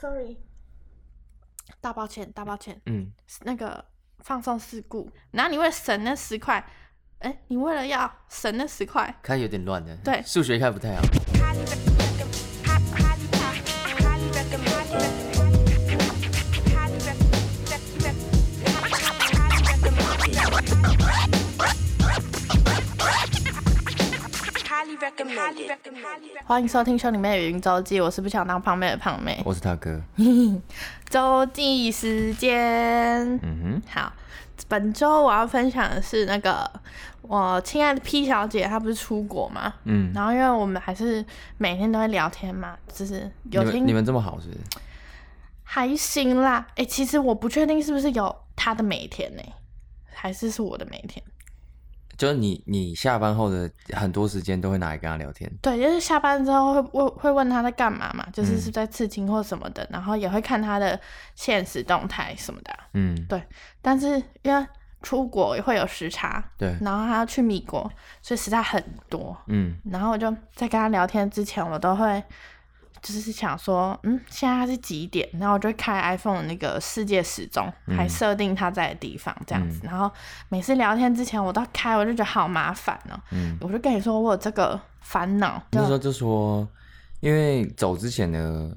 sorry，大抱歉，大抱歉，嗯，那個放送事故，然後你為了省那十塊，哎、欸，你為了要省那十塊，看有點亂的，對，數學看不太好。啊歡迎收聽《秀》裡面的語音週記。我是不想當胖妹的胖妹，我是他哥。 週記時間，嗯哼，好，本周我要分享的是那個我親愛的 P 小姐，她不是出國嗎？嗯、mm.，然後因為我們還是每天都會聊天嘛，就是有你們，你們這麼好，是不是？還行啦，哎，其實我不確定是不是有她的每天呢、欸，還是是我的每天。就是你，你下班後的很多時間都會拿來跟他聊天。對，就是下班之後會問會問他在幹嘛嘛，就是是，是在刺青或什麼的。嗯，然後也會看他的現實動態什麼的啊。嗯，對。但是因為出國也會有時差，對。然後他要去米國，所以時差很多。嗯。然後我就在跟他聊天之前，我都會。就是想說，嗯，現在他是幾點？然後我就開 iPhone 的那個世界時鐘，還設定它在的地方這樣子。嗯、然後每次聊天之前我都要開，我就覺得好麻煩哦、喔。嗯，我就跟你說我有這個煩惱。就是說就說，因為走之前呢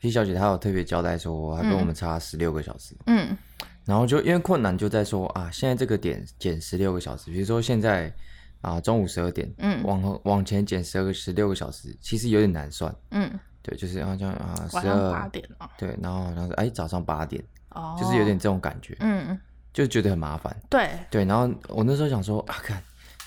P 小姐她有特別交代說，她跟我們差十六個小時。嗯，然後就因為困難就在說，啊，現在這個點減十六個小時。比如說現在。啊，中午十二點，嗯，往後往前減十二個十六個小時，其實有點難算，嗯，對，就是好像啊，十二點，對，然後然後哎，早上八點，哦，就是有點這種感覺，嗯，就覺得很麻煩，對，對，然後我那時候想說啊，看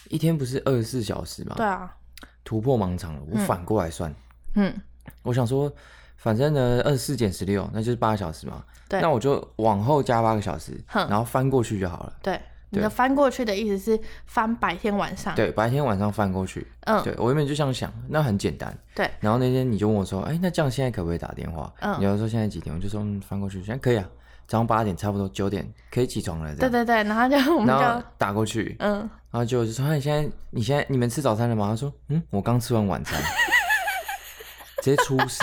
一天不是二十四小時嗎？對啊，突破盲腸了，我反過來算，嗯，嗯我想說反正呢，二十四減十六，那就是八個小時嘛，對，那我就往後加八個小時哼，然後翻過去就好了，對。你的翻過去的意思是翻白天晚上？對，白天晚上翻過去。嗯，對我原本就這樣想，那很簡單。對，然後那天你就問我說：“哎、欸，那這樣現在可不可以打電話？”嗯，你要說現在幾點？我就說、嗯、翻過去，現在可以啊，早上八點差不多九點可以起床了。對對對，然後就我們就打過，打過去。嗯，然後結果就說：“欸、現你現在你現在你們吃早餐了嗎？”他說：“嗯，我剛吃完晚餐。 ”直接出事，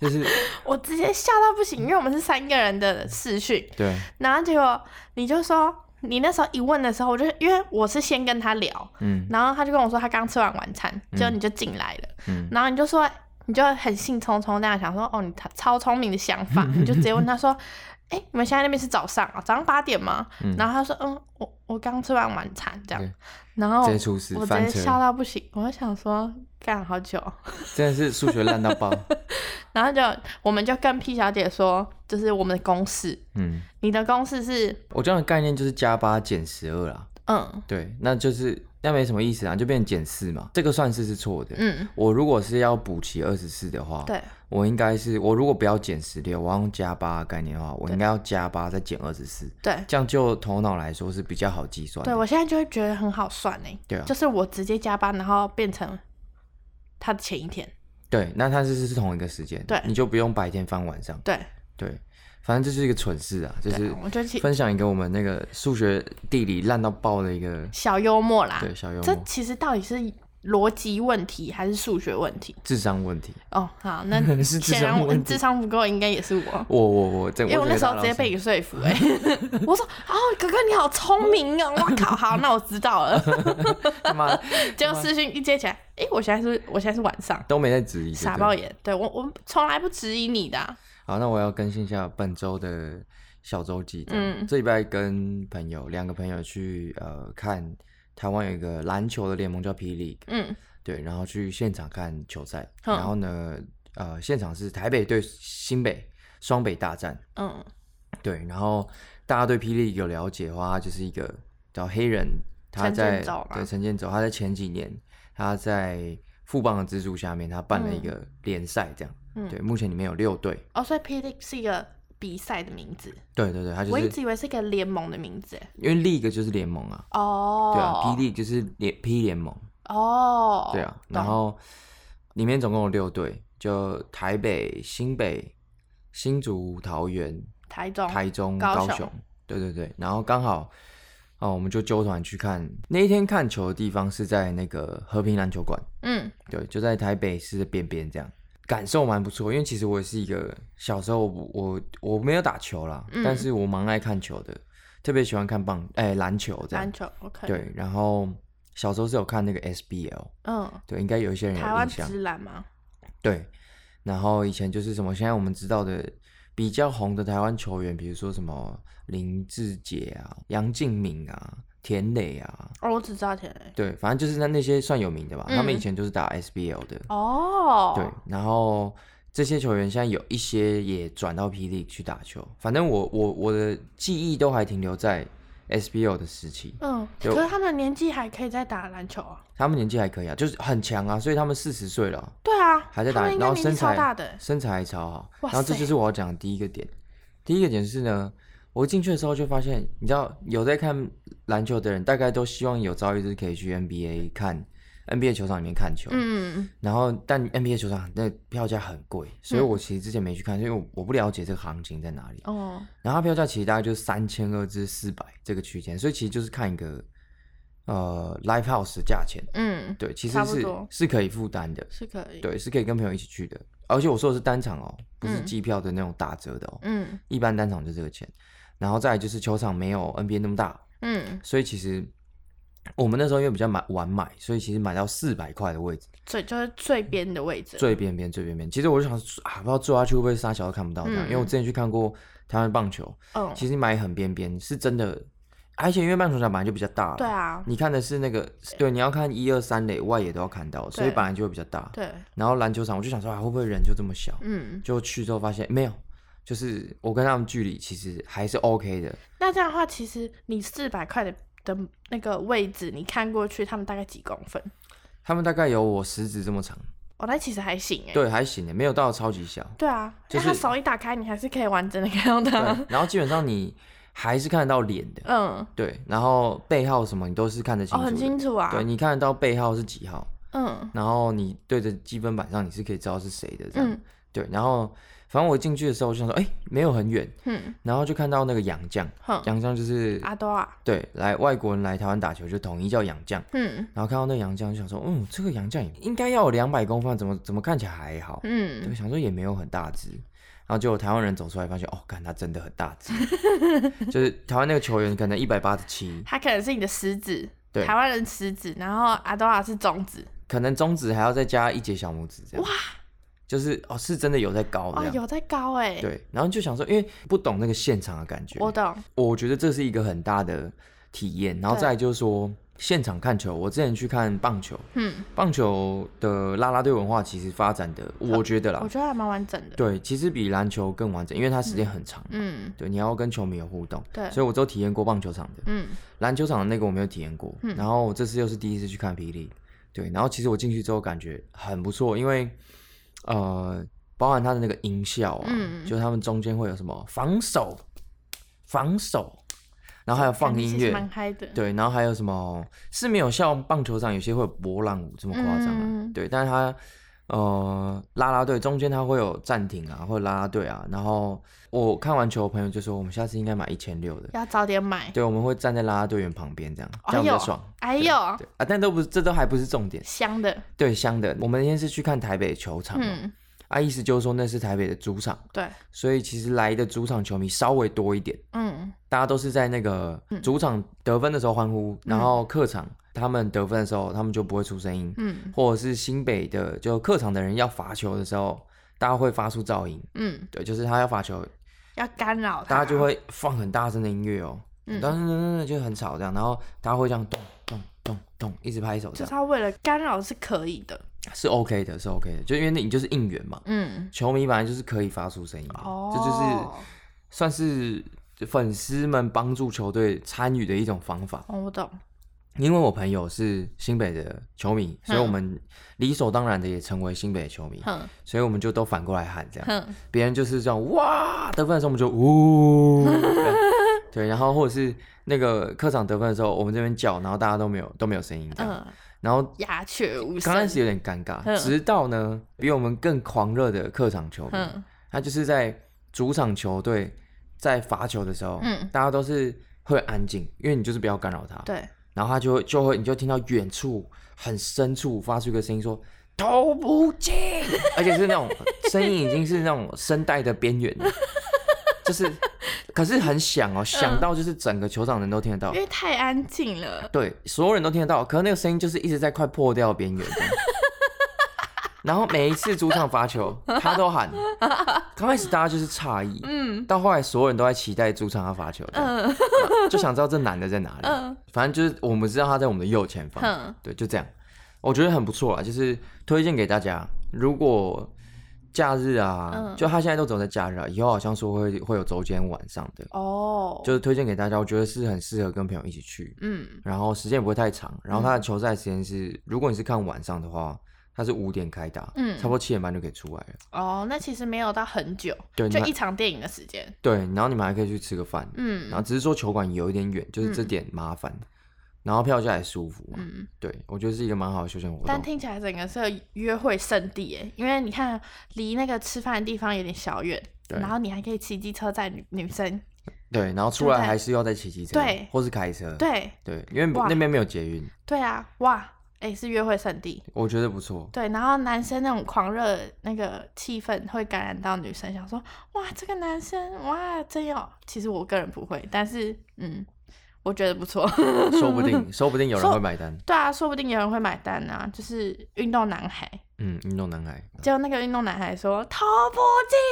就是我直接嚇到不行、嗯，因為我們是三個人的視訊。對，然後結果你就說。你那時候一問的時候，我就因為我是先跟他聊，嗯、然後他就跟我說他剛吃完晚餐，之、嗯、後你就進來了、嗯，然後你就說你就很興沖沖那樣想說，哦，你超聰明的想法， 你就直接問他說，哎、欸，你們現在那邊是早上啊，早上八點嗎、嗯？然後他說，嗯，我我剛吃完晚餐這樣，然後我直，我直接笑到不行，我想說。幹了好久，喔， 真的是數學爛到爆。 然後就，我們就跟 P 小姐說，就是我們的公式，嗯，你的公式是，我這樣的概念就是加八減十二啦，嗯，對，那就是那沒什麼意思啊，就變成減四嘛，這個算式是錯的，嗯，我如果是要補齊二十四的話，對，我應該是，我如果不要減十六，我要用加八的概念的話，我應該要加八再減二十四，對，這樣就頭腦來說是比較好計算，對我現在就會覺得很好算呢。對啊，就是我直接加八，然後變成。他的前一天，對，那他是是同一個時間，對，你就不用白天翻晚上，對對，反正這是一個蠢事啊，就是分享一個我們那個數學地理爛到爆的一個小幽默啦，對，小幽默，這其實到底是邏輯問題還是數學問題？智商問題。哦、oh，好，那顯然 智、智商不夠，應該也是我。我我我這，因為我那時候直接被你說服，欸，哎， 我說啊、哦，哥哥你好聰明哦，我 靠， 好，那我知道了。 那麼 結果視訊一接起來，哎、 欸，我現在是、是，我現在是晚上，都沒在質疑。傻爆眼，對我，我從來不質疑你的、啊。好，那我要更新一下本周的小周記。嗯，這禮拜跟朋友兩個朋友去呃看。台灣有一個籃球的聯盟叫 P League，嗯，對，然後去現場看球賽，嗯，然後呢，呃，現場是台北對新北雙北大戰，嗯，對，然後大家對 P League 有了解的話，就是一個叫黑人他在陳建州、啊、對陳建州，他在前幾年他在富邦的資助下面，他辦了一個聯賽這樣，嗯，對，目前裡面有六隊，嗯，哦，所以 P League 是一個。比賽的名字，對對對他，就是，我一直以為是一個聯盟的名字，因為 League 就是聯盟啊。哦，oh.，對啊，P-League 就是聯 P 聯盟。哦，oh.，對啊，然後裡面總共有六隊，就台北、新北、新竹、桃園、台中、台中、高雄。高雄對對對，然後剛好哦，嗯，我們就揪團去看。那一天看球的地方是在那個和平籃球館。嗯，對，就在台北市的邊邊這樣。感受蠻不錯，因為其實我也是一個小時候我我，我沒有打球啦，嗯、但是我蠻愛看球的，特別喜歡看棒、欸、籃球這樣。籃球、okay、對，然後小時候是有看那個 SBL。嗯。對，應該有一些人有印象。台灣職籃嗎？對，然後以前就是什麼，現在我們知道的比較紅的台灣球員，比如說什麼林志杰啊、楊敬敏啊。田磊啊，哦，我只知道田磊。對，反正就是那那些算有名的吧，嗯、他們以前都是打 SBL 的。哦。對，然後這些球員現在有一些也轉到霹靂去打球。反正我我我的記憶都還停留在 SBL 的時期。嗯，就可是他們年紀還可以在打籃球啊？他們年紀還可以啊，就是很強啊，所以他們四十歲了。對啊，還在打球，然後身材超大的，身材還超好。哇塞，然後這就是我要講的第一個點，第一個點是呢。我進去的時候就發現，你知道有在看籃球的人，大概都希望有朝一日可以去 NBA 看 NBA 球場裡面看球。嗯。然後，但 NBA 球場那票價很貴，所以我其實之前沒去看，嗯、因為我我不了解這個行情在哪裡。哦。然後它票價其實大概就是三千二至四百這個區間，所以其實就是看一個呃 live house 的價錢。嗯。對，其實是是可以負擔的，是可以。對，是可以跟朋友一起去的，而且我說的是單場哦、喔，不是機票的那種打折的哦、喔。嗯。一般單場就這個錢。然後再來就是球場沒有 NBA 那麼大，嗯，所以其實我們那時候因為比較買晚買，所以其實買到四百塊的位置，所以就是最邊的位置，最邊邊最邊邊。其實我就想說啊，不知道坐下去會不會啥小都看不到他、嗯。因為我之前去看過台灣棒球，哦、其實買很邊邊是真的，而且因為棒球場本來就比較大，對啊，你看的是那個對，對，你要看一二三壘外野都要看到，所以本來就會比較大，對。然後籃球場我就想說啊，會不會人就這麼小？嗯，就去之後發現沒有。就是我跟他們距離其實還是 OK 的。那這樣的話，其實你四百塊的的那個位置，你看過去，他們大概幾公分？他們大概有我食指這麼長。我、哦、那其實還行哎。對，還行哎，沒有到超級小。對啊，就是、他手一打開，你還是可以完整的看到他。對。然後基本上你還是看得到臉的。 嗯，對。然後背號什麼你都是看得清楚、哦。很清楚啊。對，你看得到背號是幾號？嗯。然後你對着積分板上，你是可以知道是誰的這樣、嗯。對，然後。反正我進去的時候就想說，哎、欸，沒有很遠，嗯，然後就看到那個洋將，洋、嗯、將就是阿多啊，對，來外國人來台灣打球就統一叫洋將，嗯，然後看到那洋將就想說，嗯，這個洋將應該要有兩百公分，怎麼怎麼看起來還好，嗯，對想說也沒有很大只，然後結果台灣人走出來發現，哦，看、喔、他真的很大只， 就是台灣那個球員可能一百八十七，他可能是你的食指，對，台灣人食指，然後阿多啊是中指，可能中指還要再加一節小拇指這樣，哇。就是哦，是真的有在高啊，哦，有在高哎、欸，對，然後就想說，因為不懂那個現場的感覺，我懂，我覺得這是一個很大的體驗，然後再就是說現場看球，我之前去看棒球，嗯，棒球的啦啦隊文化其實發展的，嗯，我覺得啦，我覺得還蠻完整的，對，其實比籃球更完整，因為它時間很長，嗯，對，你要跟球迷有互動，對、嗯，所以我只有體驗過棒球場的，嗯，籃球場的那個我沒有體驗過、嗯，然後我這次又是第一次去看霹靂，對，然後其實我進去之後感覺很不錯，因為。呃，包含他的那個音效啊，嗯、就他們中間會有什麼防守、防守，然後還有放音樂，蠻嗨的。對，然後還有什麼是沒有像棒球場有些會有波浪舞這麼誇張、啊嗯，對，但是他。呃，拉拉隊中間它會有暫停啊，或者拉拉隊啊。然後我看完球的朋友就說我們下次應該買一千六的，要早點買。對，我們會站在拉拉隊員旁邊，哎，這樣比較，這樣子爽。哎呦對對啊，但都不是，這都還不是重點。香的，對，香的。我們那天是去看台北球場，嗯。啊，意思就是說那是台北的主場。對，所以其實來的主場球迷稍微多一點。嗯，大家都是在那個主場得分的時候歡呼，嗯、然後客場，他們得分的時候，他們就不會出聲音。嗯，或者是新北的，就客場的人要罰球的時候，大家會發出噪音。嗯，對，就是他要罰球，要干擾他，大家就會放很大聲的音樂哦。嗯，但是那就很吵這樣，然後大家會這樣咚咚咚咚、咚、咚一直拍手。就是他為了干擾是可以的，是 OK 的，是 OK 的。就因為你就是應援嘛，嗯，球迷反正就是可以發出聲音，這、哦、就，就是算是粉絲們幫助球隊參與的一種方法。哦、我懂。因為我朋友是新北的球迷，嗯、所以我們理所當然的也成為新北的球迷，嗯，所以我們就都反過來喊這樣，別、嗯、人就是這樣哇，得分的時候我們就嗚， 對，然後或者是那個客場得分的時候，我們這邊叫，然後大家都沒有都沒有聲音這樣，嗯，然後鴉雀無聲。剛開始有點尷尬、嗯，直到呢比我們更狂熱的客場球迷、嗯，他就是在主場球隊在罰球的時候，嗯，大家都是會安靜，因為你就是不要干擾他，對。然後他就就會，你就聽到遠處很深處發出一個聲音，說“投不進”，而且是那種聲音已經是那種聲帶的邊緣， 就是，可是很響哦，嗯、響到就是整個球場人都聽得到，因為太安靜了。對，所有人都聽得到，可是那個聲音就是一直在快破掉邊緣。 然後每一次主場發球，他都喊。剛 開始大家就是詫異，嗯，到後來所有人都在期待主場他發球，嗯，就想知道這男的在哪裡。嗯，反正就是我們知道他在我們的右前方。嗯，對，就這樣。我覺得很不錯啊，就是推薦給大家。如果假日啊，嗯、就他現在都走在假日、啊。以後好像說會會有周間晚上的哦，就是推薦給大家。我覺得是很適合跟朋友一起去。嗯，然後時間也不會太長。然後他的球賽時間是、嗯，如果你是看晚上的話。它是五點開打，嗯，差不多七點半就可以出來了。哦，那其實沒有到很久，就一場電影的時間。對，然後你們還可以去吃個飯，嗯，然後只是說球館有一點遠，就是這點麻煩、嗯。然後票價也舒服、啊，嗯，對，我覺得是一個蠻好的休閒活動。但聽起來整個是個約會聖地哎，因為你看離那個吃飯的地方有點小遠，對。然後你還可以騎機車載女女生，對。然後出來還是要再騎機車，對，或是開車，對對，對，因為那邊沒有捷運。對啊，哇。欸、是約會聖地，我覺得不錯。對，然後男生那種狂熱那個氣氛會感染到女生，想說哇，這個男生哇真有。其實我個人不會，但是嗯，我覺得不錯。 說不定，說不定有人會買單。對啊，說不定有人會買單啊！就是運動男孩，嗯，運動男孩。結果那個運動男孩說投不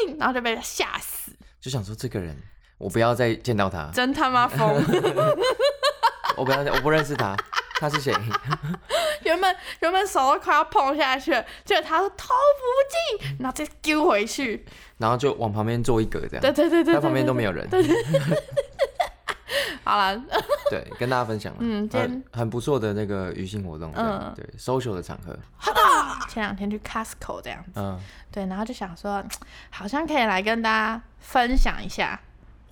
進，然後就被他嚇死。就想說這個人，我不要再見到他，真他媽瘋！ 我不要，我不認識他。他是誰？ 原本原本手都快要碰下去了，結果他說掏不進，然後再丟回去，然後就往旁邊坐一格這樣。對對對，對，對，對他旁邊都沒有人。對對對對 對 好了，啦 對，跟大家分享嘛嗯、呃，很不錯的那個餘興活動。嗯，對，social 的場合。啊、前兩天去 Costco 這樣子。嗯。對，然後就想說，好像可以來跟大家分享一下。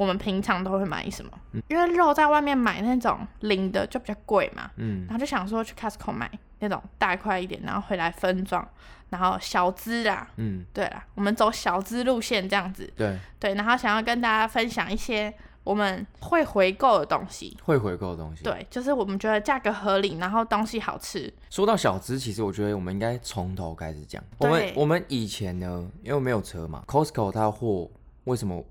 我們平常都會買什麼？因為肉在外面買那種零的就比較貴嘛，嗯，然後就想說去 Costco 買那種大塊一點，然後回來分裝，然後小資啦，嗯，對啦，我們走小資路線這樣子，對對，然後想要跟大家分享一些我們會回購的東西，會回購的東西，對，就是我們覺得價格合理，然後東西好吃。說到小資，其實我覺得我們應該從頭開始講。我們我們以前呢，因為沒有車嘛，Costco 它貨為什麼？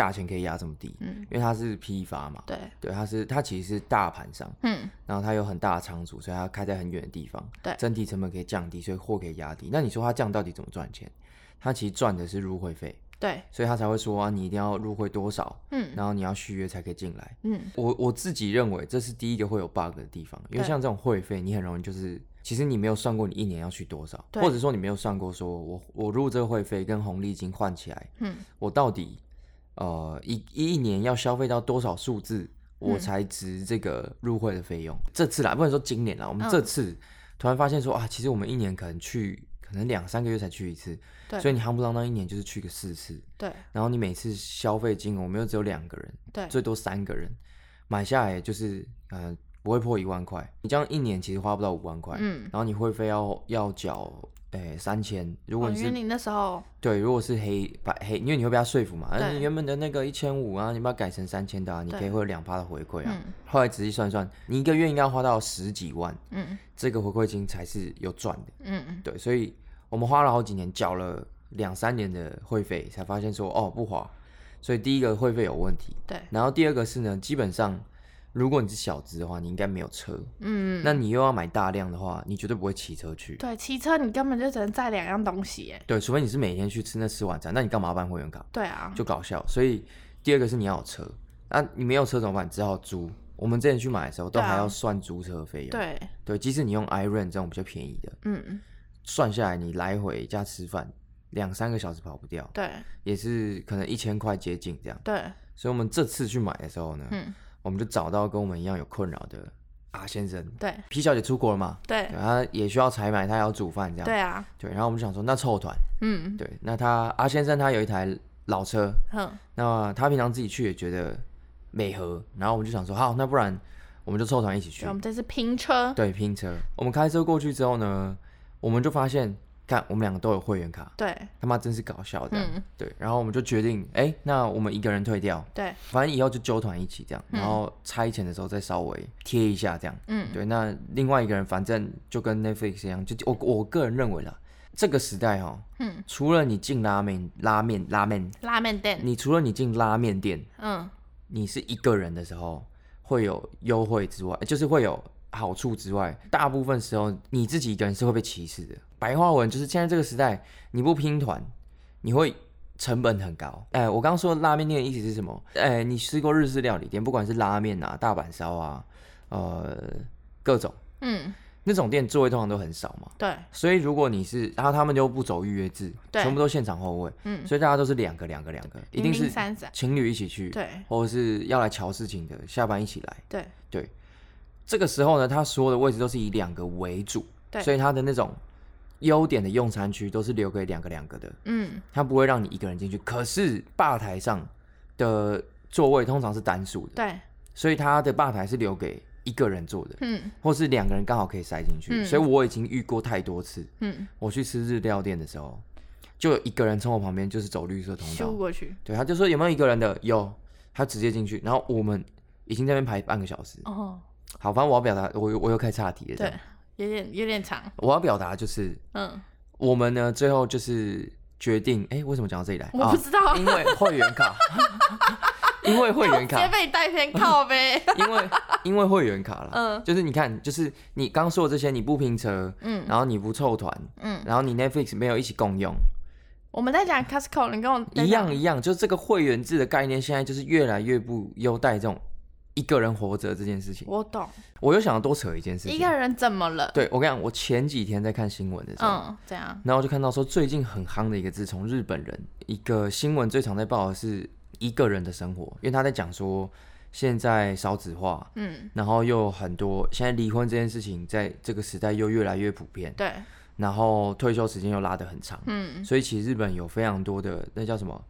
價錢可以壓這麼低，嗯，因為它是批發嘛，對，對，它是它其實是大盤商，嗯，然後它有很大的倉儲，所以它開在很遠的地方，對，整體成本可以降低，所以貨可以壓低。那你說它這樣到底怎麼賺錢？它其實賺的是入會費，對，所以他才會說啊，你一定要入會多少，嗯，然後你要續約才可以進來，嗯，我我自己認為這是第一個會有 bug 的地方，因為像這種會費，你很容易就是其實你沒有算過你一年要續多少，或者說你沒有算過說我我入這個會費跟紅利金換起來，嗯，我到底。呃，一一一年要消費到多少數字，我才值這個入會的費用。嗯。這次啦，不能說今年啦，我們這次突然發現說，嗯、啊，其實我們一年可能去，可能兩三個月才去一次，對，所以你夯不啷噹一年就是去個四次，對。然後你每次消費金額，我們又只有兩個人，對，最多三個人買下來就是，呃，不會破一萬塊。你這樣一年其實花不到五萬塊，嗯。然後你會費要要繳。哎、欸，三千，如果你是你、哦、那時候，對，如果是黑白黑，因為你會被他說服嘛？嗯，你原本的那個一千五啊，你把它改成三千的啊，你可以會有兩趴的回饋啊。嗯，後來仔細算算，你一個月應該要花到十幾萬，嗯，這個回饋金才是有賺的，嗯嗯，對，所以我們花了好幾年，繳了兩三年的會費，才發現說哦不花。所以第一個會費有問題，對，然後第二個是呢，基本上。如果你是小資的話，你應該沒有車。嗯，那你又要買大量的話，你絕對不會騎車去。對，騎車你根本就只能載兩樣東西。哎，對，除非你是每天去吃那吃晚餐，那你幹嘛辦會員卡？對啊，就搞笑。所以第二個是你要有車，那、啊、你沒有車怎麼辦？你只好租。我們之前去買的時候，都還要算租車費用。對對，對，即使你用 Iron 這種比較便宜的，嗯嗯，算下來你來回加吃飯兩三個小時跑不掉。對，也是可能一千塊接近這樣。對，所以我們這次去買的時候呢，嗯。我們就找到跟我們一樣有困擾的阿先生，對，皮小姐出國了嘛，對，對他也需要採買，他要煮飯這樣，對啊，對，然後我們想說那湊團，嗯，對，那他阿先生他有一台老車，哼、嗯。那他平常自己去也覺得美和，然後我們就想說好，那不然我們就湊團一起去，我們這次拼車，對，拼車，我們開車過去之後呢，我們就發現。看，我們兩個都有會員卡，對，他媽真是搞笑的、嗯，對。然後我們就決定，哎、欸，那我們一個人退掉，對，反正以後就揪團一起這樣，嗯、然後拆錢的時候再稍微貼一下這樣，嗯，對。那另外一個人，反正就跟 Netflix 一樣，就我我個人認為啦，這個時代哈、喔，嗯，除了你進拉麵拉麵拉麵拉麵店，你除了你進拉麵店，嗯，你是一個人的時候會有優惠之外，就是會有好處之外，大部分時候你自己一個人是會被歧視的。白話文就是現在這個時代，你不拼團，你會成本很高。哎，我剛剛說的拉麵店的意思是什麼？哎、欸，你吃過日式料理店，不管是拉麵啊、大阪燒啊，呃，各種，嗯，那種店座位通常都很少嘛。對。所以如果你是，然後他們就不走預約制，對，全部都現場候位。嗯。所以大家都是兩個兩個兩個，一定是情侶一起去，對，或者是要來喬事情的，下班一起來。對對。這個時候呢，他所有的位置都是以兩個為主，對，所以他的那種。優點的用餐區都是留給兩個兩個的，嗯，他不會讓你一個人進去。可是吧台上的座位通常是單數的，對，所以他的吧台是留給一個人坐的，嗯，或是兩個人剛好可以塞進去，嗯。所以我已經遇過太多次，嗯，我去吃日料店的時候，就有一個人從我旁邊就是走綠色通道過去，對，他就說有沒有一個人的，有，他直接進去，然後我們已經在那邊排半個小時，哦，好，反正我要表達，我我又開岔題了，對。有點有點長，我要表達就是，嗯，我們呢最後就是決定，哎、欸，為什麼講到這裡來？我不知道，啊、因為會員卡， 因為會員卡先被你帶偏靠唄， 因為因為會員卡了，嗯，就是你看，就是你剛說的這些，你不拼車，嗯，然後你不湊團，嗯，然後你 Netflix 沒有一起共用，我們在講 Costco 你跟我一樣一樣，就是這個會員制的概念，現在就是越來越不優待這種。一個人活着這件事情，我懂。我又想要多扯一件事情，一個人怎麼了？對，我跟你講，我前幾天在看新聞的時候，嗯，這樣，然後就看到說，最近很夯的一個字，從日本人一個新聞最常在報的是一個人的生活，因為他在講說，現在少子化，嗯，然後又很多現在離婚這件事情，在這個時代又越來越普遍，對，然後退休時間又拉得很長，嗯，所以其實日本有非常多的那叫什麼？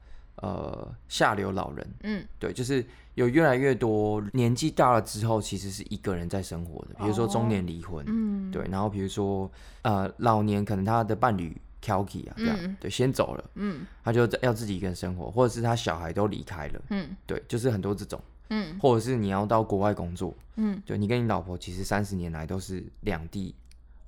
呃，下流老人，嗯，對，就是有越來越多年紀大了之後，其實是一個人在生活的，比如說中年離婚，哦，嗯，對，然後比如說呃，老年可能他的伴侶挑剔啊，這樣，對，先走了，嗯，他就要自己一個人生活，或者是他小孩都離開了，嗯，對，就是很多這種，嗯，或者是你要到國外工作，嗯，就你跟你老婆其實三十年來都是兩地。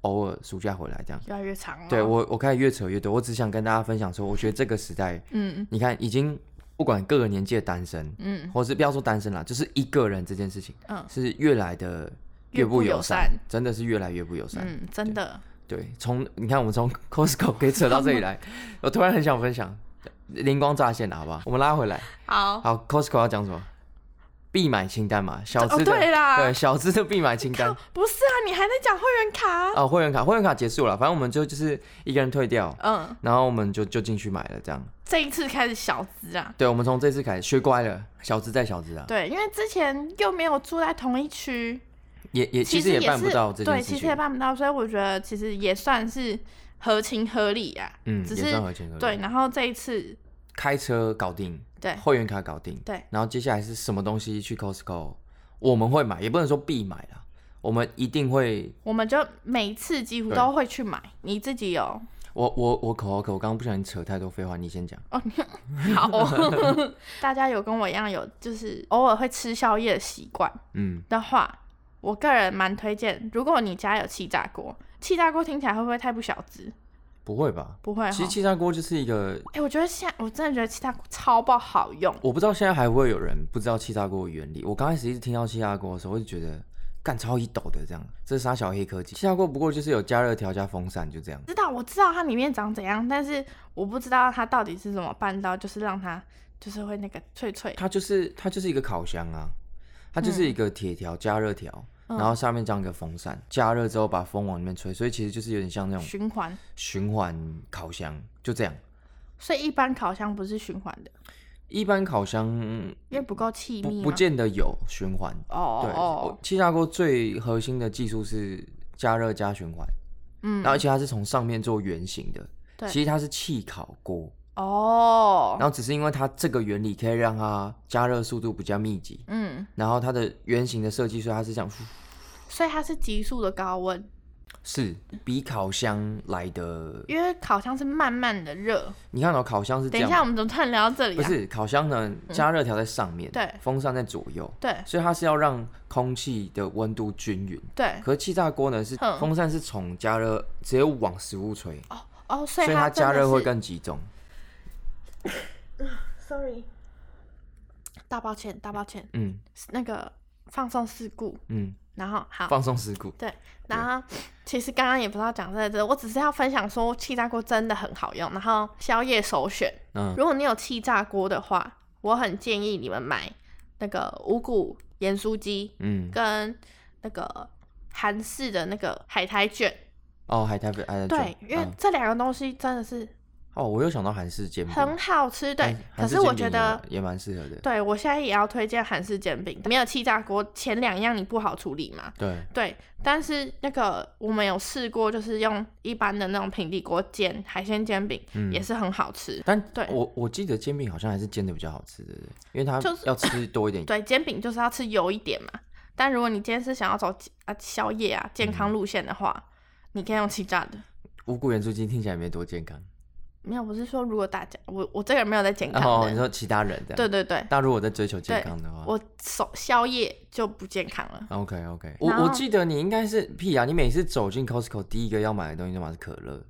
偶爾暑假回來這樣，越來越長了，對，我我開始越扯越多。我只想跟大家分享說，我覺得這個時代，嗯，你看已經不管各個年紀的單身，嗯，或是不要說單身了，就是一個人這件事情，嗯，是越來的越不友善，友善真的是越來越不友善，嗯，真的。對，從你看我們從 Costco 可以扯到這裡來， 我突然很想分享，靈光乍現了，好不好？我們拉回來，好，好，Costco 要講什麼？必買清單嘛，小資的、哦、對啦，對小資的必買清單。不是啊，你還在講會員卡？哦，會員卡，會員卡結束了，反正我們就就是一個人退掉，嗯，然後我們就就進去買了這樣。這一次開始小資啊。對，我們從這次開始學乖了，小資再小資啊。對，因為之前又沒有住在同一區，也也其實也，其實也辦不到這件事，對，其實也辦不到，所以我覺得其實也算是合情合理呀、啊。嗯，只是也算合情合理。對，然後這一次。開車搞定，對，會員卡搞定，對，然後接下來是什麼東西去 Costco？我們會買，也不能說必買啦，我們一定會，我們就每次幾乎都會去買。你自己有？我我我口好渴，我剛剛不小心扯太多廢話，你先講。哦，好，大家有跟我一樣有就是偶爾會吃宵夜習慣的習慣，嗯，的話，我個人蠻推薦，如果你家有氣炸鍋，氣炸鍋聽起來會不會太不小資？不會吧？不會啊。其實氣炸鍋就是一個，哎、欸，我覺得現在我真的覺得氣炸鍋超不好用。我不知道現在還會有人不知道氣炸鍋的原理。我剛開始一直聽到氣炸鍋的時候，我就覺得幹超一抖的這樣，這是啥小黑科技？氣炸鍋不過就是有加熱條加風扇就這樣。知道，我知道它裡面長怎樣，但是我不知道它到底是怎麼辦到，就是讓它就是會那個脆脆。它就是它就是一個烤箱啊，它就是一個鐵條加熱條。嗯嗯、然後上面裝一個風扇，加熱之後把風往裡面吹，所以其實就是有點像那種循環循環烤箱，就這樣。所以一般烤箱不是循環的。一般烤箱因為不夠氣密，不不見得有循環。哦哦哦！氣炸鍋最核心的技術是加熱加循環，嗯，然後而且它是從上面做圓形的，對，其實它是氣烤鍋。哦、oh，然後只是因為它這個原理可以讓它加熱速度比較密集，嗯，然後它的圓形的設計，所以它是這樣，所以它是急速的高溫，是比烤箱來的，因為烤箱是慢慢的熱，你看哦，烤箱是這樣。等一下，我們怎麼突然聊到這裡？啊，不是烤箱呢，加熱條在上面，嗯，對，風扇在左右，對，對，所以它是要讓空氣的溫度均勻，對，可是氣炸鍋呢，是風扇是從加熱只有往食物吹，哦哦，所以，所以它加熱會更集中。 sorry 大抱歉，大抱歉，嗯，那個放送事故，嗯，然後好放送事故，對，然後其實剛剛也不知道講在這個，我只是要分享說氣炸鍋真的很好用，然後宵夜首選，嗯，如果你有氣炸鍋的話，我很建議你們買那個五谷鹽酥雞，嗯，跟那個韓式的那個海苔卷，嗯、哦，海苔海苔卷，對，因為、嗯、這兩個東西真的是。哦，我又想到韓式煎餅，很好吃，對。可是我覺得也蠻適合的。對，我現在也要推薦韓式煎餅，沒有氣炸鍋，前兩樣你不好處理嘛。對對，但是那個我們有試過，就是用一般的那種平底鍋煎，煎海鮮煎餅、嗯，也是很好吃。但對，我我記得煎餅好像還是煎得比較好吃的，因為它要吃多一點。就是、對，煎餅就是要吃油一點嘛。但如果你今天是想要走啊宵夜啊健康路線的話，嗯、你可以用氣炸的。無骨鹽酥雞聽起來沒多健康。沒有，我是說，如果大家我我這個人沒有在健康哦、啊啊，你說其他人這樣對對對，那如果在追求健康的話，我手宵夜就不健康了。OK OK，我我記得你應該是屁啊，你每次走進 Costco 第一個要買的東西都買的，他媽是可樂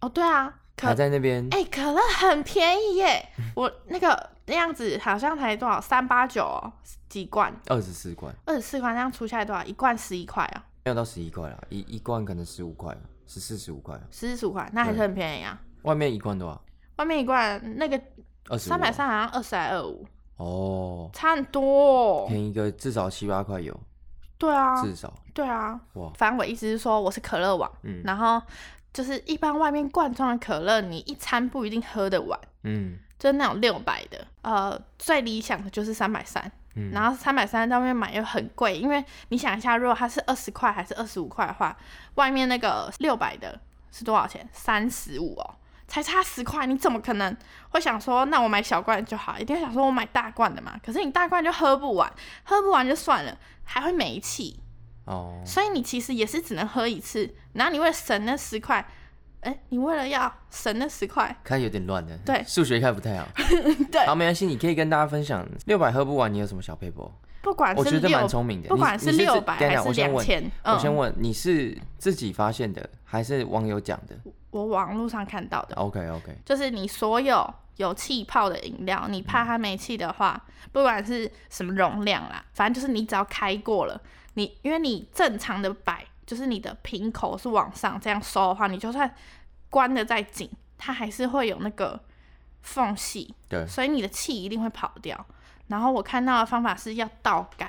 哦，對啊，他在那邊哎、欸，可樂很便宜耶， 我那個那樣子好像才多少三八九幾罐，二十四罐，二十四罐，那樣出下來多少一罐十一塊啊？沒有到十一塊啊，一一罐可能十五塊，十四十五塊，十四十五塊那還是很便宜啊。外面一罐多少？外面一罐那個三百三，好像二十還是二十五？哦。Oh，差很多喔。便宜個至少七八塊有。對啊，至少。對啊，反正我意思是說，我是可樂王，嗯，然後就是一般外面罐裝的可樂，你一餐不一定喝得完，嗯，就是那種六百的，呃，最理想的就是三百三，嗯，然後三百三在外面買又很貴，因為你想一下，如果它是二十塊還是二十五塊的話，外面那個六百的是多少錢？三十五哦。才差十塊，你怎麼可能會想說那我買小罐就好？一定要想說我買大罐的嘛？可是你大罐就喝不完，喝不完就算了，還會沒氣哦。Oh. 所以你其實也是只能喝一次，然後你為了省那十塊，哎、欸，你為了要省那十塊，看有點亂的，對，數學看不太好。 對，好沒關係，你可以跟大家分享六百喝不完你有什麼小撇步？不管是六百、蠻聰明的，還是兩千、嗯，我先問你是自己發現的還是網友講的？我網路上看到的，OK OK，就是你所有有氣泡的飲料，你怕它沒氣的話、嗯，不管是什麼容量啦，反正就是你只要開過了，你因為你正常的擺，就是你的瓶口是往上這樣收的話，你就算關得再緊，它還是會有那個縫隙，對，所以你的氣一定會跑掉。然後我看到的方法是要倒蓋，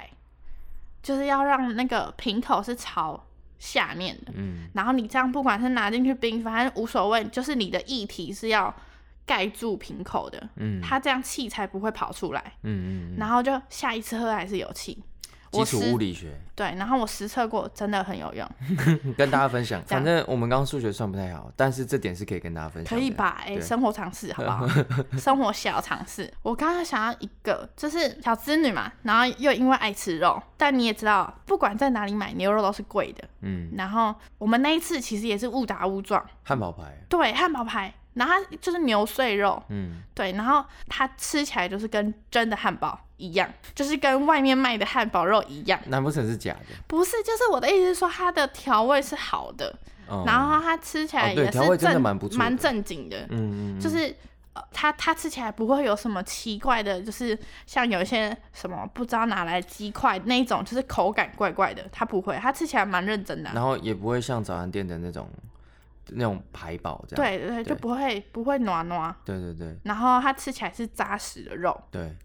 就是要讓那個瓶口是朝下面的，嗯，然後你這樣不管是拿進去冰，反正無所謂，就是你的液體是要蓋住瓶口的，嗯，它這樣氣才不會跑出來，嗯，嗯，嗯，然後就下一次喝還是有氣。基礎物理學對，然後我實測過，真的很有用， 跟大家分享。反正我們剛剛數學算不太好，但是這點是可以跟大家分享，可以吧、欸、生活常識好不好？ 生活小常識，我剛剛想要一個，就是小資女嘛，然後又因為愛吃肉，但你也知道，不管在哪裡買牛肉都是貴的，嗯，然後我們那一次其實也是誤打誤撞，漢堡排對，漢堡排。然後就是牛碎肉，嗯，對，然後它吃起來就是跟真的漢堡一樣，就是跟外面賣的漢堡肉一樣。難不成是假的？不是，就是我的意思是說它的調味是好的，嗯、然後它吃起來也是正、哦、真的蠻，不錯的蠻不錯的蠻正經的，嗯嗯，嗯，就是呃它它吃起來不會有什麼奇怪的，就是像有一些什麼不知道哪來雞塊那一種，就是口感怪怪的，它不會，它吃起來蠻認真的、啊。然後也不會像早餐店的那種。那種排保，這樣，對對、對、對，就不會不會暖暖，對對對。然後它吃起來是扎實的肉，對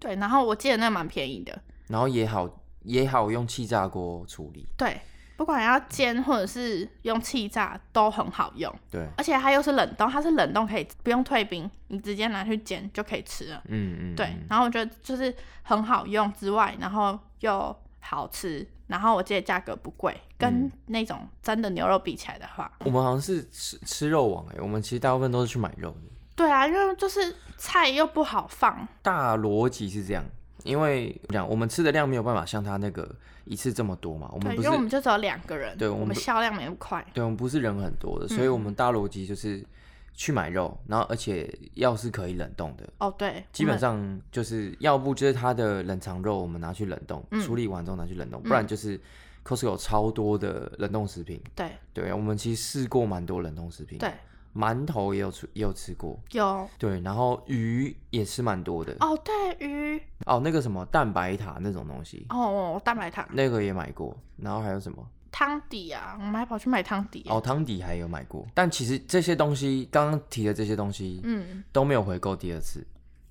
對。然後我記得那蠻便宜的，然後也好也好用氣炸鍋處理，對，不管要煎或者是用氣炸都很好用，對。而且它又是冷凍，它是冷凍可以不用退冰，你直接拿去煎就可以吃了，嗯嗯、嗯。對，然後我覺得就是很好用之外，然後又。好吃，然後我記得價格不貴，跟那種真的牛肉比起來的話，嗯、我們好像是吃吃肉王哎、欸，我們其實大部分都是去買肉。對啊，因為就是菜又不好放。大邏輯是這樣，因為講我們吃的量沒有辦法像他那個一次這麼多嘛，我們不是，因為我們就只有兩個人，對，我們銷量沒那麼快，對，我們不是人很多的，所以我們大邏輯就是。嗯去買肉，然後而且要是可以冷凍的哦，oh, 對，基本上就是要不就是它的冷藏肉，我們拿去冷凍，處、嗯、理完之後拿去冷凍、嗯，不然就是 Costco 有超多的冷凍食品，對，對，我們其實試過蠻多冷凍食品，對，饅頭也有吃也有吃過，有，對，然後魚也吃蠻多的，哦、oh,，對，魚，哦、oh,，那個什麼蛋白塔那種東西，哦、oh,，蛋白塔，那個也買過，然後還有什麼？湯底啊，我們還跑去買湯底、啊、哦。湯底還有買過，但其實這些東西，剛剛提的這些東西，嗯，都沒有回購第二次。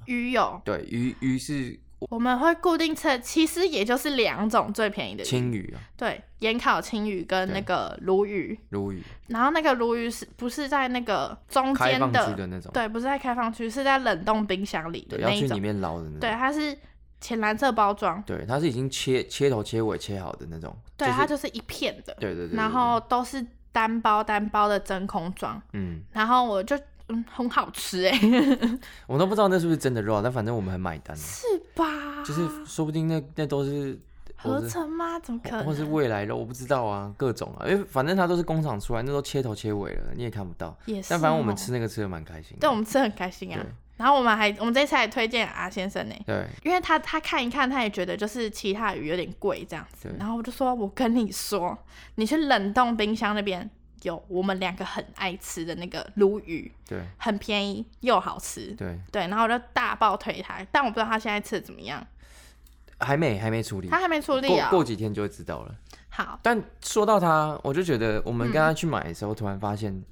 魚有，對魚魚是，我們會固定吃，其實也就是兩種最便宜的魚鯖魚啊，對，鹽烤鯖魚跟那個鱸魚，鱸魚。然後那個鱸魚是不是在那個中間的開放區的那種？對，不是在開放區，是在冷凍冰箱裡的那種，要去裡面撈的那種。對，它是。淺藍色包裝，對，它是已經切切頭切尾切好的那種，對，就是、它就是一片的，對對，對，對，對對，然後都是單包單包的真空裝，嗯，然後我就嗯很好吃哎， 我都不知道那是不是真的肉，但反正我們很買單，是吧？就是說不定那那都是合成嗎？怎麼可能？或是未來肉？我不知道啊，各種啊，因為反正它都是工廠出來，那都切頭切尾了，你也看不到，也是，但反正我們吃那個吃的蠻開心，對我們吃得很開心啊。然後我們還，我們這次還推薦阿先生呢，對，因為他他看一看，他也覺得就是其他魚有點貴這樣子，對，然後我就說，我跟你說，你去冷凍冰箱那邊有我們兩個很愛吃的那個鱸魚，對，很便宜又好吃，對對。然後我就大爆推他，但我不知道他現在吃的怎麼樣，還沒還沒處理，他還沒處理啊，過幾天就會知道了。好，但說到他，我就覺得我們跟他去買的時候，嗯、突然發現。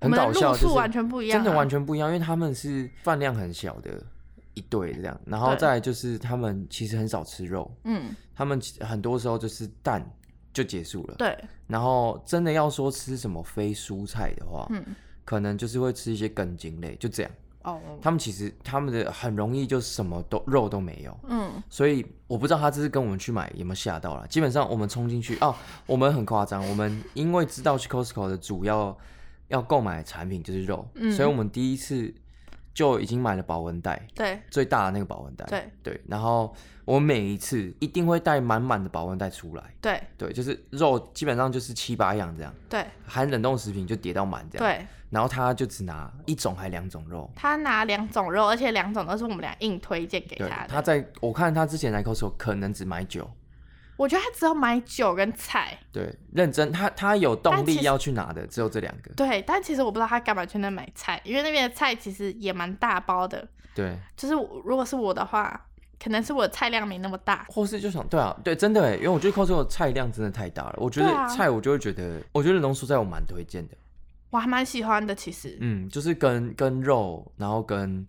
的啊，很搞笑，就是真的完全不一樣，因為他們是飯量很小的一對這樣，然後再來就是他們其實很少吃肉，嗯，他們很多時候就是蛋就結束了，對，然後真的要說吃什麼非蔬菜的話，嗯，可能就是會吃一些根莖類，就這樣，哦，他們其實他們的很容易就是什麼都肉都沒有，嗯，所以我不知道他這是跟我們去買有沒有嚇到了，基本上我們衝進去哦，我們很誇張，我們因為知道去 Costco 的主要。要購買的產品就是肉，嗯，所以我們第一次就已經買了保溫袋，對，最大的那個保溫袋，對對。然後我們每一次一定會帶滿滿的保溫袋出來，對對，就是肉基本上就是七八樣這樣，對，含冷凍食品就疊到滿這樣，對。然後他就只拿一種還兩種肉，他拿兩種肉，而且兩種都是我們倆硬推薦給他的。他在我看他之前來口 o 可能只買酒。我覺得他只有買酒跟菜，對，認真，他他有動力要去拿的，只有這兩個。對，但其實我不知道他幹嘛去那買菜，因為那邊的菜其實也蠻大包的。對，就是如果是我的話，可能是我的菜量沒那麼大，或是就想，對啊，對，真的，因為我覺得 Costco 的菜量真的太大了。我覺得、啊、菜我就會覺得，我覺得冷凍菜我蠻推薦的，我還蠻喜歡的，其實。嗯，就是跟跟肉，然後跟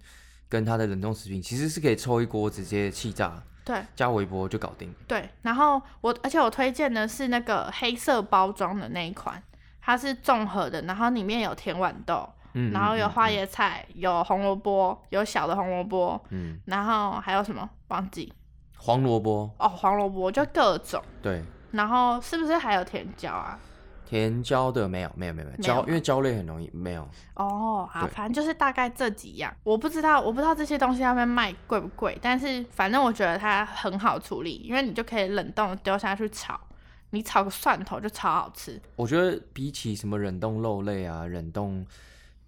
跟他的冷凍食品，其實是可以抽一鍋直接氣炸。對，加微波就搞定。對，然後我而且我推薦的是那個黑色包裝的那一款，它是綜合的，然後裡面有甜豌豆，嗯嗯嗯嗯。然後有花椰菜，有紅蘿蔔，有小的紅蘿蔔，嗯，然後還有什麼？忘記。黃蘿蔔。哦，黃蘿蔔就各種。對。然後是不是還有甜椒啊？甜椒的沒有，沒有，沒有，沒有，沒有，沒有椒，因為椒類很容易沒有哦、oh, 啊，反正就是大概這幾樣，我不知道，我不知道這些東西要不要賣貴不貴，但是反正我覺得它很好處理，因為你就可以冷凍丟下去炒，你炒個蒜頭就超好吃。我覺得比起什麼冷凍肉類啊、冷凍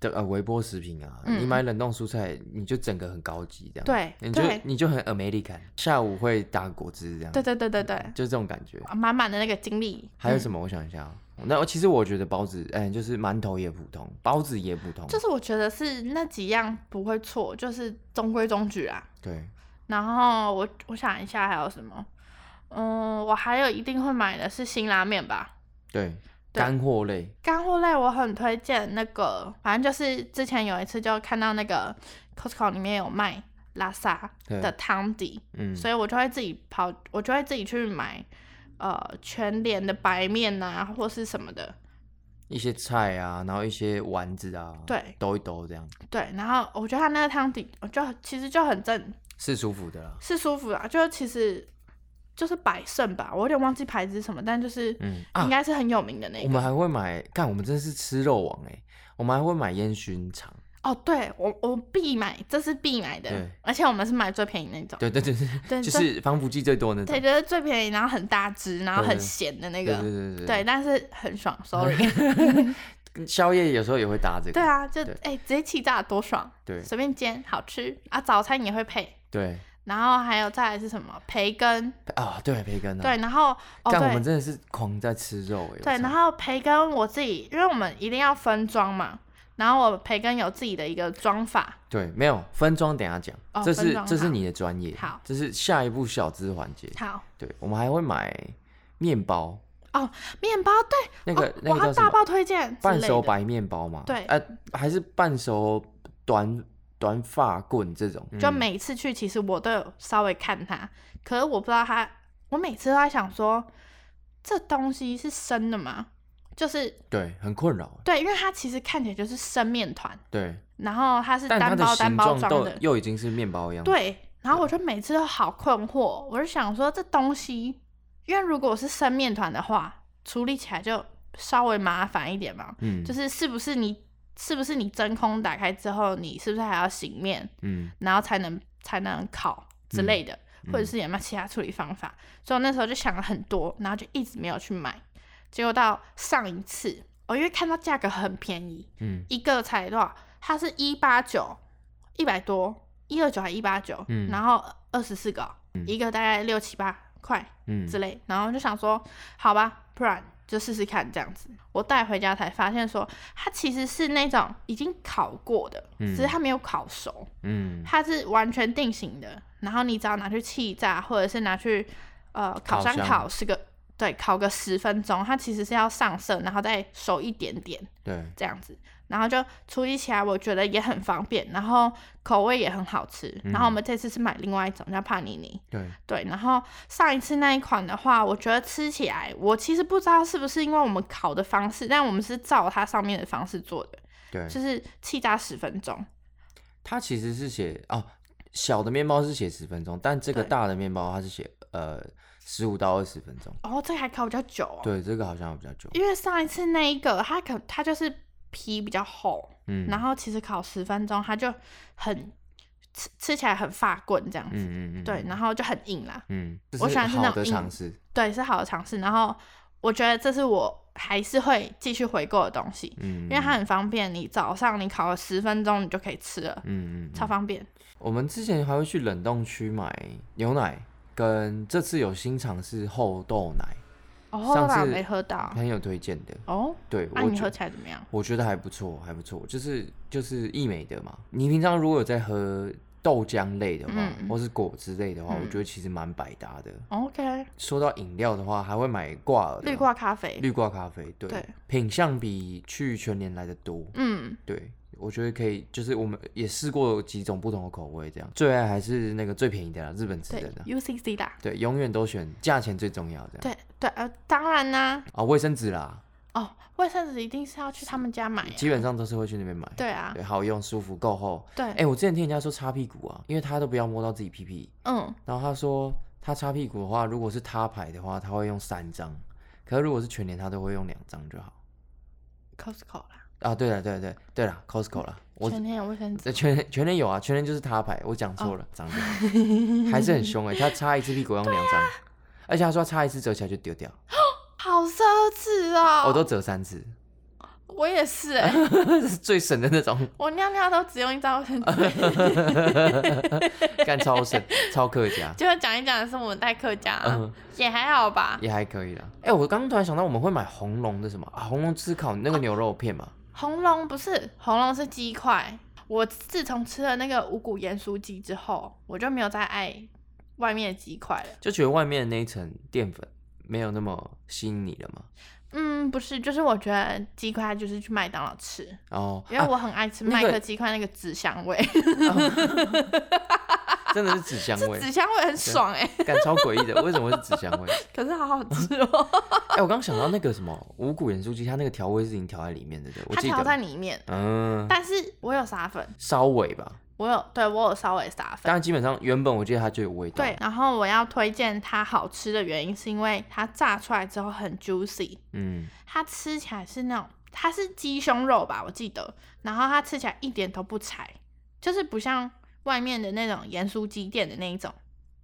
的呃微波食品啊，嗯、你買冷凍蔬菜，你就整個很高級這樣，對，你就你就很 American。下午會打果汁這樣，對對對對對，就是這種感覺，滿、啊、滿滿的那個精力。還有什麼？我想一下、啊。嗯那其實我覺得包子，嗯、欸，就是饅頭也普通，包子也普通，就是我覺得是那幾樣不會錯，就是中規中矩啊。對。然後我我想一下還有什麼，嗯，我還有一定會買的是辛拉麵吧。對。對，乾貨類。乾貨類，我很推薦那個，反正就是之前有一次就看到那個 Costco 裡面有賣拉沙的湯底，嗯，所以我就會自己跑，我就會自己去買。呃，全聯的白面吶、啊，或是什麼的，一些菜啊，然後一些丸子啊，對，抖一抖這樣子。對，然後我覺得他那個湯底，我就其實就很正，是舒服的，是舒服的、啊，就其實就是百盛吧，我有點忘記牌子是什麼，但就是嗯，應該是很有名的那個啊。我們還會買，看我們真的是吃肉王哎，我們還會買煙熏腸。哦，對我我必買，這是必買的，而且我們是買最便宜那種。對對對對，就是防腐劑最多的。對，就是最便宜，然後很大隻，然後很鹹的那個。對，對對對。對，但是很爽，sorry。宵 夜有時候也會搭這個。對啊，就哎、欸，直接氣炸多爽。對。隨便煎，好吃啊！早餐也會配。對。然後還有再來是什麼？培根。啊、哦，對培根。對，然後。但、哦、我們真的是狂在吃肉，對，然後培根我自己，因為我們一定要分裝嘛。然後我培根有自己的一個裝法，對，沒有分裝、哦、分裝，等下講，這是這是你的專業，好，這是下一步小資環節，好，對，我們還會買麵包，哦，麵包，對、哦，那個、哦、那個哇大包推薦半熟白麵包嘛，對，呃，還是半熟短短發棍這種，就每次去其實我都有稍微看他、嗯，可是我不知道他，我每次都在想說，這東西是生的嗎？就是對，很困擾。對，因為它其實看起來就是生面團。對。然後它是單包單包裝的，它的又已經是面包一樣。對。然後我就每次都好困惑，我就想說這東西，因為如果我是生面團的話，處理起來就稍微麻煩一點嘛，嗯。就是是不是你是不是你真空打開之後，你是不是還要醒面？嗯。然後才能才能烤之類的，嗯，或者是有沒有其他處理方法？嗯，所以我那時候就想了很多，然後就一直沒有去買。結果到上一次，我、哦、因為看到價格很便宜，嗯，一個才多少？它是一八九，一百多，一二九還一八九，嗯，然後二十四個、哦嗯，一個大概六七八塊，嗯，之類。然後就想說，好吧，不然就試試看這樣子。我帶回家才發現說，它其實是那種已經烤過的、嗯，只是它沒有烤熟，嗯，它是完全定型的。然後你只要拿去氣炸，或者是拿去呃烤箱烤，是個。對，烤個十分鐘，它其實是要上色，然後再熟一點點，對，這樣子，然後就處理起來，我覺得也很方便，然後口味也很好吃。嗯、然後我們這次是買另外一種叫帕尼尼，對對，然後上一次那一款的話，我覺得吃起來，我其實不知道是不是因為我們烤的方式，但我們是照它上面的方式做的，對，就是氣炸十分鐘。它其實是寫哦，小的麵包是寫十分鐘，但這個大的麵包它是寫呃。十五到二十分鐘，哦、oh,，這個還烤比較久、哦。對，這個好像比較久，因為上一次那一個，它可它就是皮比較厚，嗯，然後其實烤十分鐘，它就很吃吃起來很發棍這樣子，嗯嗯，嗯對，然後就很硬啦，嗯，是我喜歡吃那種硬對，是好的嘗試。然後我覺得這是我還是會繼續回購的東西，嗯，嗯，因為它很方便，你早上你烤了十分鐘，你就可以吃了，嗯，嗯嗯，超方便。我們之前還會去冷凍區買牛奶。跟這次有新嘗試厚豆奶，oh, 上次沒喝到，朋友推薦的哦。Oh, 對，啊啊、你喝起來怎麼樣？我覺得還不錯，還不錯。就是就是義美的嘛。你平常如果有在喝豆漿類的話、嗯，或是果汁類的話，嗯、我覺得其實蠻百搭的。OK，說到飲料的話，還會買掛綠掛咖啡，綠掛咖啡對，對品項比去全年來得多。嗯，對。我覺得可以，就是我們也試過幾種不同的口味，這樣最愛還是那個最便宜的啦，日本製的。對，UCC 啦。對，永遠都選價錢最重要這樣。對對，呃，當然啦，啊，衛、哦、生紙啦。哦，衛生紙一定是要去他們家買、啊，基本上都是會去那邊買。對啊，對，好用，舒服，夠厚。對，哎、欸，我之前聽人家說擦屁股啊，因為他都不要摸到自己屁屁。嗯。然後他說他擦屁股的話，如果是他牌的話，他會用三張，可是如果是全年，他都會用兩張就好。Costco 啦。啊，對了，對對對了，Costco 了，我全天有，全天有有全天有啊，全天就是他牌，我講錯了，哦、長的 還是很凶哎、欸，他擦一次屁股用兩張、啊，而且他說擦一次折起來就丟掉，哦、好奢侈啊，我、哦、都折三次，我也是哎、欸， 最省的那種，我尿尿都只用一張紙，幹 超省，超客家，就要講一講是我們帶客家、嗯，也還好吧，也還可以了，哎、欸，我剛剛突然想到我們會買紅龍的什麼啊，紅龍炙烤那個牛肉片嘛。啊紅龍不是，紅龍是雞塊。我自從吃了那個五穀鹽酥雞之後，我就沒有再愛外面的雞塊了。就覺得外面的那一層澱粉沒有那麼吸引你了嗎？嗯，不是，就是我覺得雞塊就是去麥當勞吃，哦，因為我很愛吃麥克雞塊那個紙香味。啊 真的是紙箱味，啊、紙箱味很爽哎、欸，感超詭異的。為什麼是紙箱味？ 可是好好吃哦。哎，我剛剛想到那個什麼五谷元素雞，它那個調味是已經調在裡面的對？它調在裡面，嗯。但是我有撒粉，稍微吧。我有，對我有稍微撒粉。但，基本上原本我覺得它就有味道。對。然後我要推薦它好吃的原因，是因為它炸出來之後很 juicy，嗯。它吃起來是那種，它是雞胸肉吧？我記得。然後它吃起來一點都不柴，就是不像。外面的那種鹽酥雞店的那一種，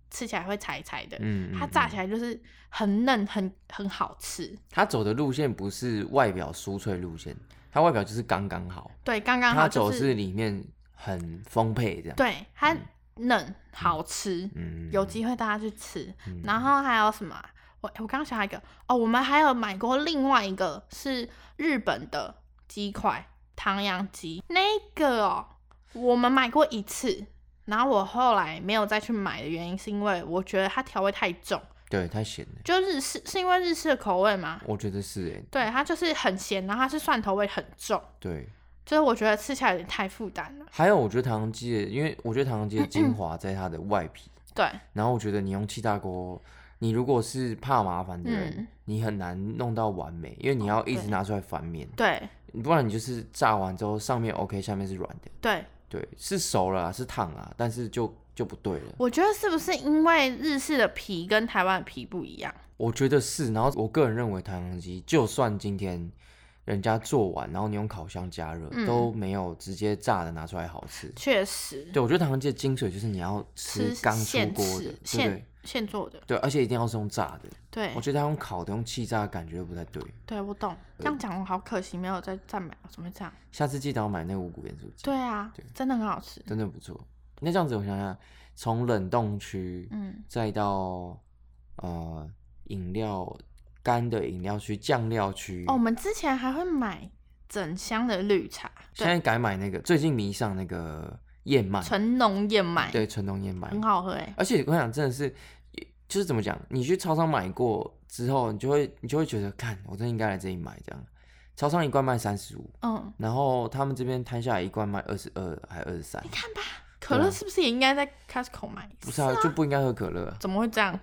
吃起來會柴柴的，嗯，它、嗯嗯、炸起來就是很嫩很很好吃。它走的路線不是外表酥脆路線，它外表就是剛剛好，對，剛剛好、就是。它走是裡面很豐沛這樣，對，它嫩、嗯、好吃。嗯，有機會大家去吃、嗯。然後還有什麼、啊？我我剛剛想到一個哦，我們還有買過另外一個是日本的雞塊唐揚雞，那個哦、喔。我們買過一次，然後我後來沒有再去買的原因是因為我覺得它調味太重，對，太鹹了。就日式，是因為日式的口味嗎？我覺得是誒。對，它就是很鹹，然後它是蒜頭味很重。對，所以我覺得吃起來有點太負擔了。還有，我覺得唐揚雞的，因為我覺得唐揚雞的精華在它的外皮。對、嗯嗯。然後我覺得你用氣炸鍋，你如果是怕麻煩的人、嗯，你很難弄到完美，因為你要一直拿出來翻面。對。對不然你就是炸完之後上面 OK，下面是軟的。對。對，是熟了啊，是燙啊，但是就就不對了。我覺得是不是因為日式的皮跟台灣的皮不一樣？我覺得是，然後我個人認為，台灣雞就算今天。人家做完，然後你用烤箱加熱、嗯、都沒有直接炸的拿出來好吃。確實，對我覺得唐人街的精髓就是你要吃剛出鍋的，現對對對現，現做的。對，而且一定要是用炸的。對，我覺得他用烤的、用氣炸的感覺不太對。對，我懂。這樣講我好可惜，沒有再再買。怎麼會這樣？下次記得要買那個五穀元素。對啊，對，真的很好吃，真的不錯。那這樣子，我想想，從冷凍區，嗯，再到呃飲料。乾的飲料區、醬料區哦，我們之前還會買整箱的綠茶，現在改買那個，最近迷上那個燕麥，純濃燕麥，對，純濃燕麥很好喝哎，而且我想真的是，就是怎麼講，你去超商買過之後，你就會你就會覺得，看，我真的應該來這裡買這樣，超商一罐賣三十五，嗯，然後他們這邊攤下來一罐賣二十二還二十三，你看吧。可樂是不是也應該在 Costco 買？嗯、不是啊，是啊，就不應該喝可樂、啊。怎麼會這樣？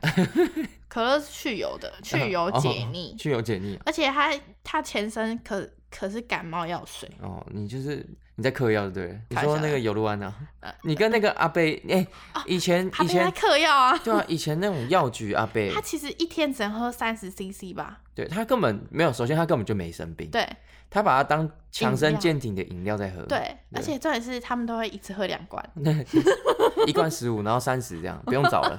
可樂是去油的，去油解膩、呃哦。去油解膩，而且它它前身可可是感冒藥水。哦，你就是你在嗑藥對，不對？你說那個友露安吶？你跟那個阿伯哎、呃欸呃，以前、啊、以前嗑藥啊？對啊，以前那種藥局阿伯，他其實一天只能喝三十 CC 吧？對他根本沒有，首先他根本就沒生病。對。他把它當強身健體的飲料在喝對。對，而且重點是他們都會一次喝兩罐， 一罐十五，然後三十這樣，不用找了。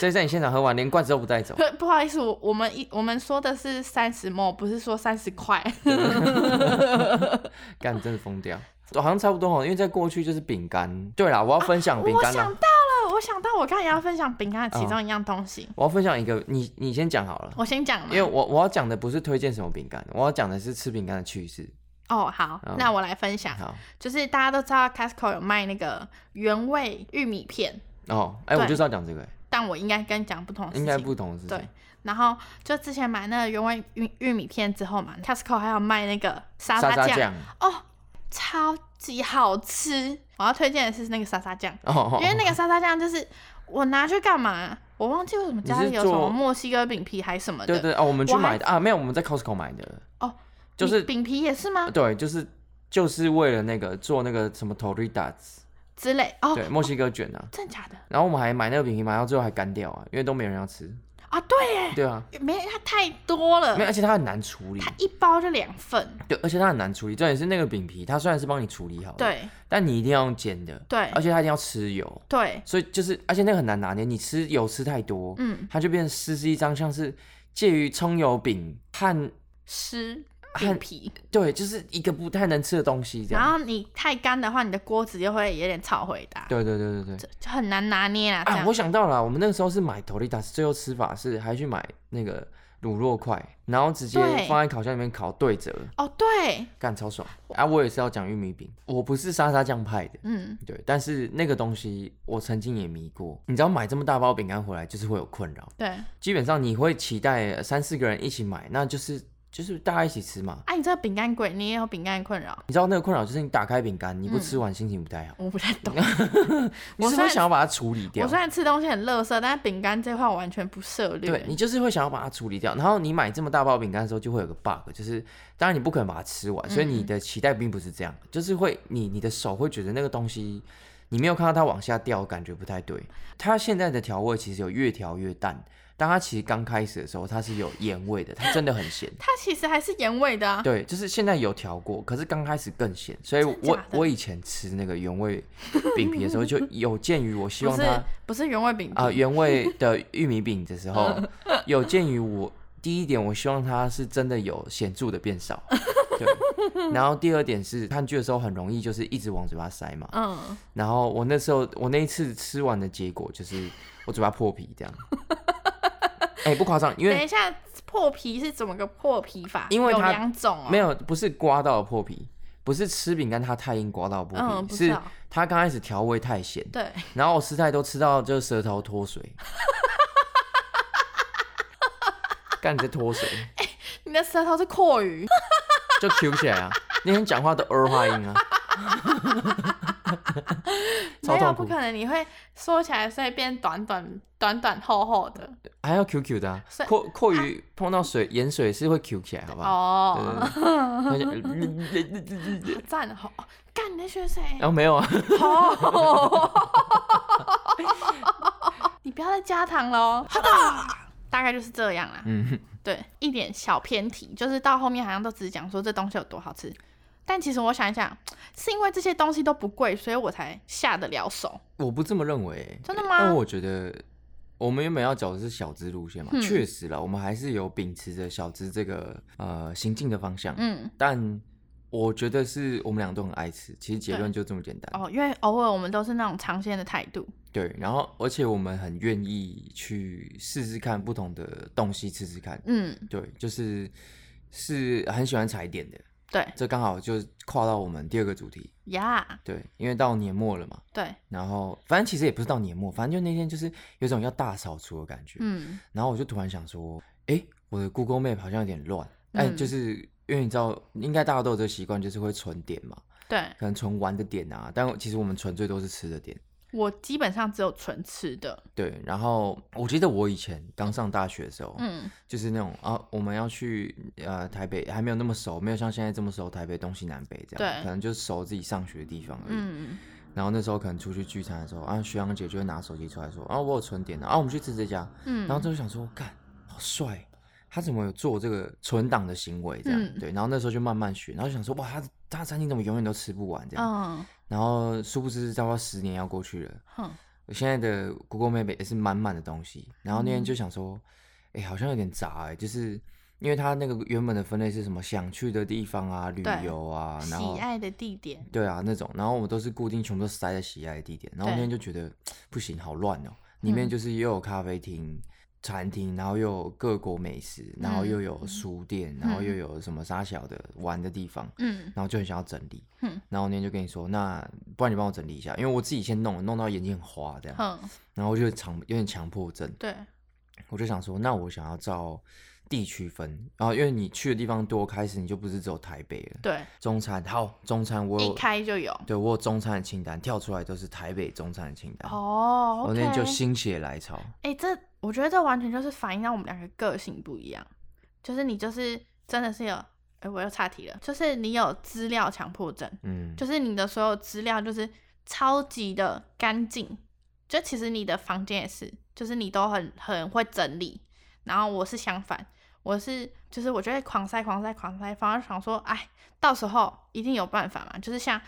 這 在你現場喝完，連罐子都不帶走。對，不好意思，我我們一我們說的是三十毛，不是說三十塊。 幹，真的瘋掉，我好像差不多哦，因為在過去就是餅乾。對啦，我要分享、啊、餅乾啦，我想到了。我想到，我剛才也要分享餅乾的其中一樣東西、哦。我要分享一個，你你先講好了。我先講，因為我我要講的不是推薦什麼餅乾，我要講的是吃餅乾的趣事。哦，好哦，那我來分享。好，就是大家都知道 Costco 有賣那個原味玉米片。哦，哎、欸，我就知道講這個。但我應該跟你講不同的事情，應該不同的事情。對，然後就之前買那個原味玉玉米片之後嘛，Costco 還有賣那個沙沙醬。哦。超級好吃！我要推薦的是那個沙沙醬，oh, oh 因為那個沙沙醬就是我拿去幹嘛？我忘記為什麼家裡有什麼墨西哥餅皮還什麼的。對對，對哦，我們去買的啊，沒有，我們在 Costco 買的哦，oh, 就是餅皮也是嗎？對，就是就是為了那個做那個什麼 toritas 之類哦，oh, 對，墨西哥捲啊，真的 oh, 假的。然後我們還買那個餅皮，買到最後還乾掉啊，因為都沒人要吃。啊，對耶，對啊，沒，它太多了，沒有，而且它很難處理。它一包就兩份，對，而且它很難處理。重點是那個餅皮，它雖然是幫你處理好，對，但你一定要用煎的，對，而且它一定要吃油，對，所以就是，而且那個很難拿捏，你吃油吃太多，嗯，它就變成濕濕一張，像是介於蔥油餅和濕。很皮、啊，對，就是一個不太能吃的東西，然後你太乾的話，你的鍋子就會有點炒回的。對對對對對，就很難拿捏啊，啊。我想到了、啊，我們那個時候是買陶里達，最後吃法是還去買那個乳酪塊，然後直接放在烤箱裡面烤對折。哦，oh, 對，幹超爽啊！我也是要講玉米餅，我不是沙沙醬派的，嗯，對。但是那個東西我曾經也迷過，你知道買這麼大包餅乾回來就是會有困擾，對，基本上你會期待三四個人一起買，那就是。就是大家一起吃嘛。哎、啊，你知道餅乾鬼，你也有餅乾困擾。你知道那個困擾就是你打開餅乾，你不吃完心情不太好。嗯、我不太懂。我 是不是想要把它處理掉？我雖然，我雖然吃東西很樂色，但是餅乾這塊我完全不涉獵。對，你就是會想要把它處理掉，然後你買這麼大包餅乾的時候就會有個 bug，就是當然你不可能把它吃完，所以你的期待並不是這樣，嗯、就是會你你的手會覺得那個東西，你沒有看到它往下掉，感覺不太對。它現在的調味其實有越調越淡。但它其實剛開始的時候，它是有鹽味的，它真的很鹹。它其實還是鹽味的啊。對，就是現在有調過，可是剛開始更鹹。所以我我以前吃那個原味餅皮的時候，就有鑑於我希望它不,不是原味餅皮啊，原味的玉米餅的時候，有鑑於我第一點，我希望它是真的有顯著的變少， 對。然後第二點是看劇的時候很容易就是一直往嘴巴塞嘛。嗯。然後我那時候我那一次吃完的結果就是我嘴巴破皮這樣。 哎、欸，不誇張，因為等一下破皮是怎麼個破皮法？因為它有兩種、啊，沒有不是刮到的破皮，不是吃餅乾它太硬刮到破皮，嗯，是它剛開始調味太鹹，嗯，對，然後我吃太多吃到就舌頭脫水。幹， 你這脫水、欸？你的舌頭是闊魚 就 Q 起來啊！那天講話都兒化音啊！ 超痛苦笑沒有不可能，你會縮起來，所以變短短短短厚厚的，還要 Q Q 的、啊，闊闊魚碰到水鹽、啊、水是會 Q 起來，好不好 哦，好讚哦，幹你的血水，然、啊、後沒有啊？ 你不要再加糖嘍！ 大概就是這樣啦。嗯， 對，一點小偏題，就是到後面好像都只講說這東西有多好吃。但其實我想一想，是因為這些東西都不貴，所以我才下得了手。我不這麼認為，真的嗎？那我覺得我們原本要走的是小資路線嘛，確、嗯、實了，我們還是有秉持着小資這個呃行進的方向。嗯，但我覺得是我們倆都很愛吃，其實結論就這麼簡單哦。因為偶爾我們都是那種嘗鮮的態度。對，然後而且我們很願意去試試看不同的東西，吃吃看。嗯，對，就是是很喜歡踩點的。對，這剛好就跨到我們第二個主題呀。Yeah. 對，因為到年末了嘛。對。然後，反正其實也不是到年末，反正就那天就是有種要大掃除的感覺。嗯。然後我就突然想說，哎、欸，我的 Google Map 好像有點亂。哎、嗯欸，就是因為你知道，應該大家都有這個習慣，就是會存點嘛。對。可能存玩的點啊，但其實我們存最多是吃的點。我基本上只有存吃的。對，然後我記得我以前剛上大學的時候，嗯，就是那種啊，我們要去呃台北，還沒有那麼熟，沒有像現在這麼熟。台北東西南北這樣，對，可能就是熟自己上學的地方而已。嗯，然後那時候可能出去聚餐的時候，啊，學長姐就會拿手機出來說，啊，我有存點的，啊，我們去吃這家。嗯。然後就想說，幹好帥，他怎麼有做這個存檔的行為？這樣、嗯、對。然後那時候就慢慢學，然後想說，哇，他。大餐廳怎麼永遠都吃不完這樣？嗯、然後殊不知，差不多十年要過去了。我、嗯、現在的 Google Map 也是滿滿的東西。然後那天就想說，哎、嗯欸，好像有點雜哎、欸，就是因為它那個原本的分類是什麼？想去的地方啊，旅遊啊，然後喜愛的地點，對啊，那種。然後我們都是固定全部都塞在喜愛的地點。然後那天就覺得不行，好亂哦、喔，裡面就是又有咖啡廳。嗯餐廳，然後又有各國美食，然後又有書店，嗯，然後又有什麼沙小的玩的地方，嗯，然後就很想要整理，嗯，然後那天就跟你說，那不然你幫我整理一下，因為我自己先弄，弄到眼睛很花這樣，嗯，然後就強有點強迫症，對，我就想說，那我想要照。地區分，然後因為你去的地方多，開始你就不是只有台北了。對，中餐好，中餐我有一開就有。對，我有中餐的清單，跳出來都是台北中餐的清單。哦、oh, okay. 我那天就心血來潮。哎、欸，這我覺得這完全就是反映到我們兩個個性不一樣。就是你就是真的是有，哎、欸，我又岔題了。就是你有資料強迫症，嗯，就是你的所有資料就是超級的乾淨，就其實你的房間也是，就是你都很很會整理。然後我是相反。我是就是我覺得狂塞狂塞狂塞，反而想說，哎，到時候一定有辦法嘛。就是像，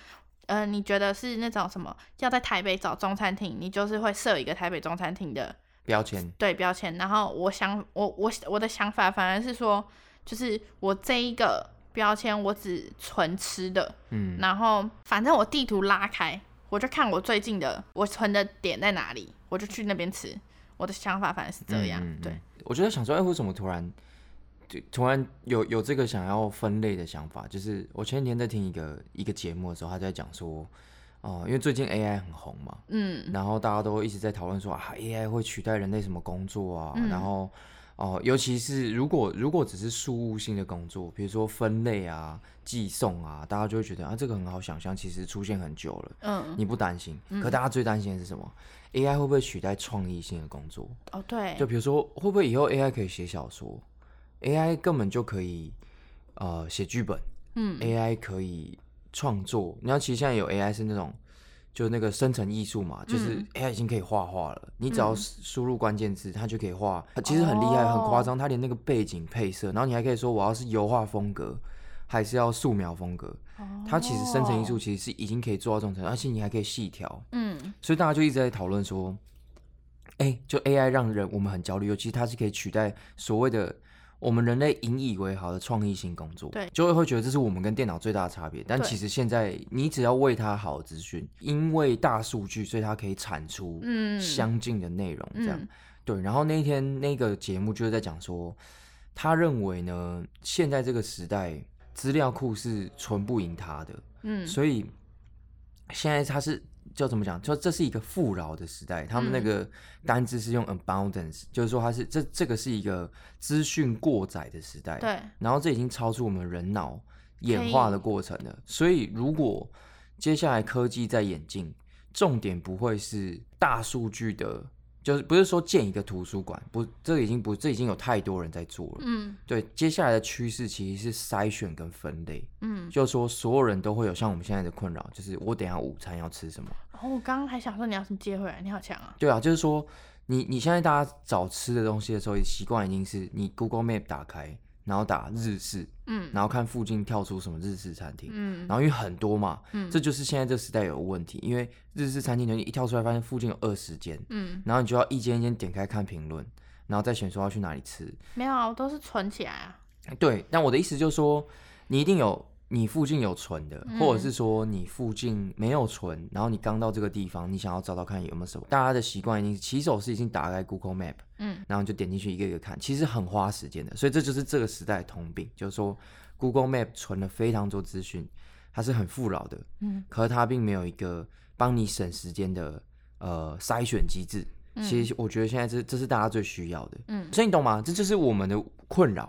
呃，你覺得是那種什麼，要在台北找中餐廳，你就是會設一個台北中餐廳的標籤，對，標籤。然後我想，我我我的想法反而是說，就是我這一個標籤我只存吃的，嗯，然後反正我地圖拉開，我就看我最近的我存的點在哪裡，我就去那邊吃。我的想法反而是這樣，嗯嗯嗯，對。我覺得想說，哎，為什麼突然？突然有有這個想要分類的想法，就是我前幾天在聽一個一個節目的時候，他在講說，哦、呃，因為最近 AI 很紅嘛，嗯，然後大家都一直在討論說啊，AI 會取代人類什麼工作啊？嗯、然後哦、呃，尤其是如果如果只是事務性的工作，比如說分類啊、寄送啊，大家就會覺得啊，這個很好想象，其實出現很久了，嗯，你不擔心、嗯。可大家最擔心的是什麼？AI 會不會取代創意性的工作？哦，對，就比如說會不會以後 AI 可以寫小說？A I 根本就可以，呃，寫劇本，嗯，A I 可以創作。你要其實現在有 A I 是那種，就那個生成藝術嘛、嗯，就是 A I 已經可以畫畫了、嗯，你只要輸入關鍵字，它就可以畫。它、嗯、其實很厲害，很誇張，它連那個背景配色、哦，然後你還可以說我要是油畫風格，還是要素描風格。它、哦、其實生成藝術其實是已經可以做到這種程度，而且你還可以細調。嗯，所以大家就一直在討論說，哎、欸，就 A I 讓人我們很焦慮，尤其它是可以取代所謂的。我們人類引以為豪的創意性工作，對，就會會覺得這是我們跟電腦最大的差別。但其實現在，你只要餵它好資訊，因為大數據，所以它可以產出嗯相近的內容這樣、嗯。對，然後那天那個節目就是在講說，他認為呢，現在這個時代資料庫是存不贏它的，嗯，所以現在他是。就怎麼講？就這是一個富饒的時代，他們那個單字是用 abundance，嗯，就是說它是這這個是一個資訊過載的時代。對，然後這已經超出我們人腦演化的過程了。所以如果接下來科技在演進，重點不會是大數據的。就是不是說建一個圖書館，不，這已經不，這已經有太多人在做了。嗯，對，接下來的趨勢其實是篩選跟分類。嗯，就是說所有人都會有像我們現在的困擾，就是我等一下午餐要吃什麼？哦，我剛剛還想說你要什麼接回來啊，你好強啊。對啊，就是說你你現在大家找吃的東西的時候，習慣已經是你 Google Map 打開。然後打日式，嗯，然後看附近跳出什麼日式餐廳，嗯，然後因為很多嘛，嗯，這就是現在這個時代有問題，因為日式餐廳等你一跳出來，發現附近有二十間，嗯，然後你就要一間一間點開看評論，然後再選說要去哪裡吃。沒有啊，我都是存起來啊。對，那我的意思就是說，你一定有。你附近有存的，或者是說你附近沒有存，嗯、然後你剛到這個地方，你想要找找看有沒有什麼？大家的習慣已經，起手式已經打開 Google Map，嗯，然後就點進去一個一個看，其實很花時間的。所以這就是這個時代的通病，就是說 Google Map 存了非常多資訊，它是很富饒的，嗯，可是它並沒有一個幫你省時間的呃篩選機制、嗯。其實我覺得現在這這是大家最需要的，嗯，所以你懂嗎？這就是我們的困擾。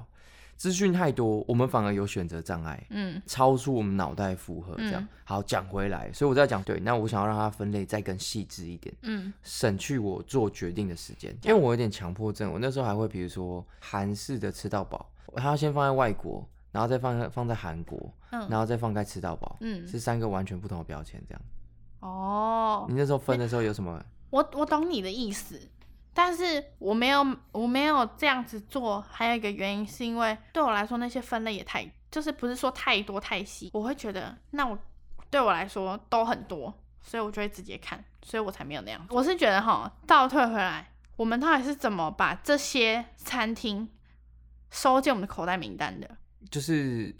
資訊太多，我們反而有選擇障礙，嗯，超出我們腦袋負荷，這樣。嗯、好，講回來，所以我在講，對，那我想要讓它分類再更細緻一點，嗯，省去我做決定的時間，因為我有點強迫症，我那時候還會，比如說韓式的吃到飽，我還要先放在外國，然後再放放在韓國、嗯，然後再放在吃到飽，嗯，是三個完全不同的標籤，這樣。哦，你那時候分的時候有什麼？我我懂你的意思。但是我沒有，我沒有這樣子做，還有一個原因是因為對我來說那些分類也太，就是不是說太多太細，我會覺得那我對我來說都很多，所以我就會直接看，所以我才沒有那樣。我是覺得齁，倒退回來，我們到底是怎麼把這些餐廳收進我們的口袋名單的？就是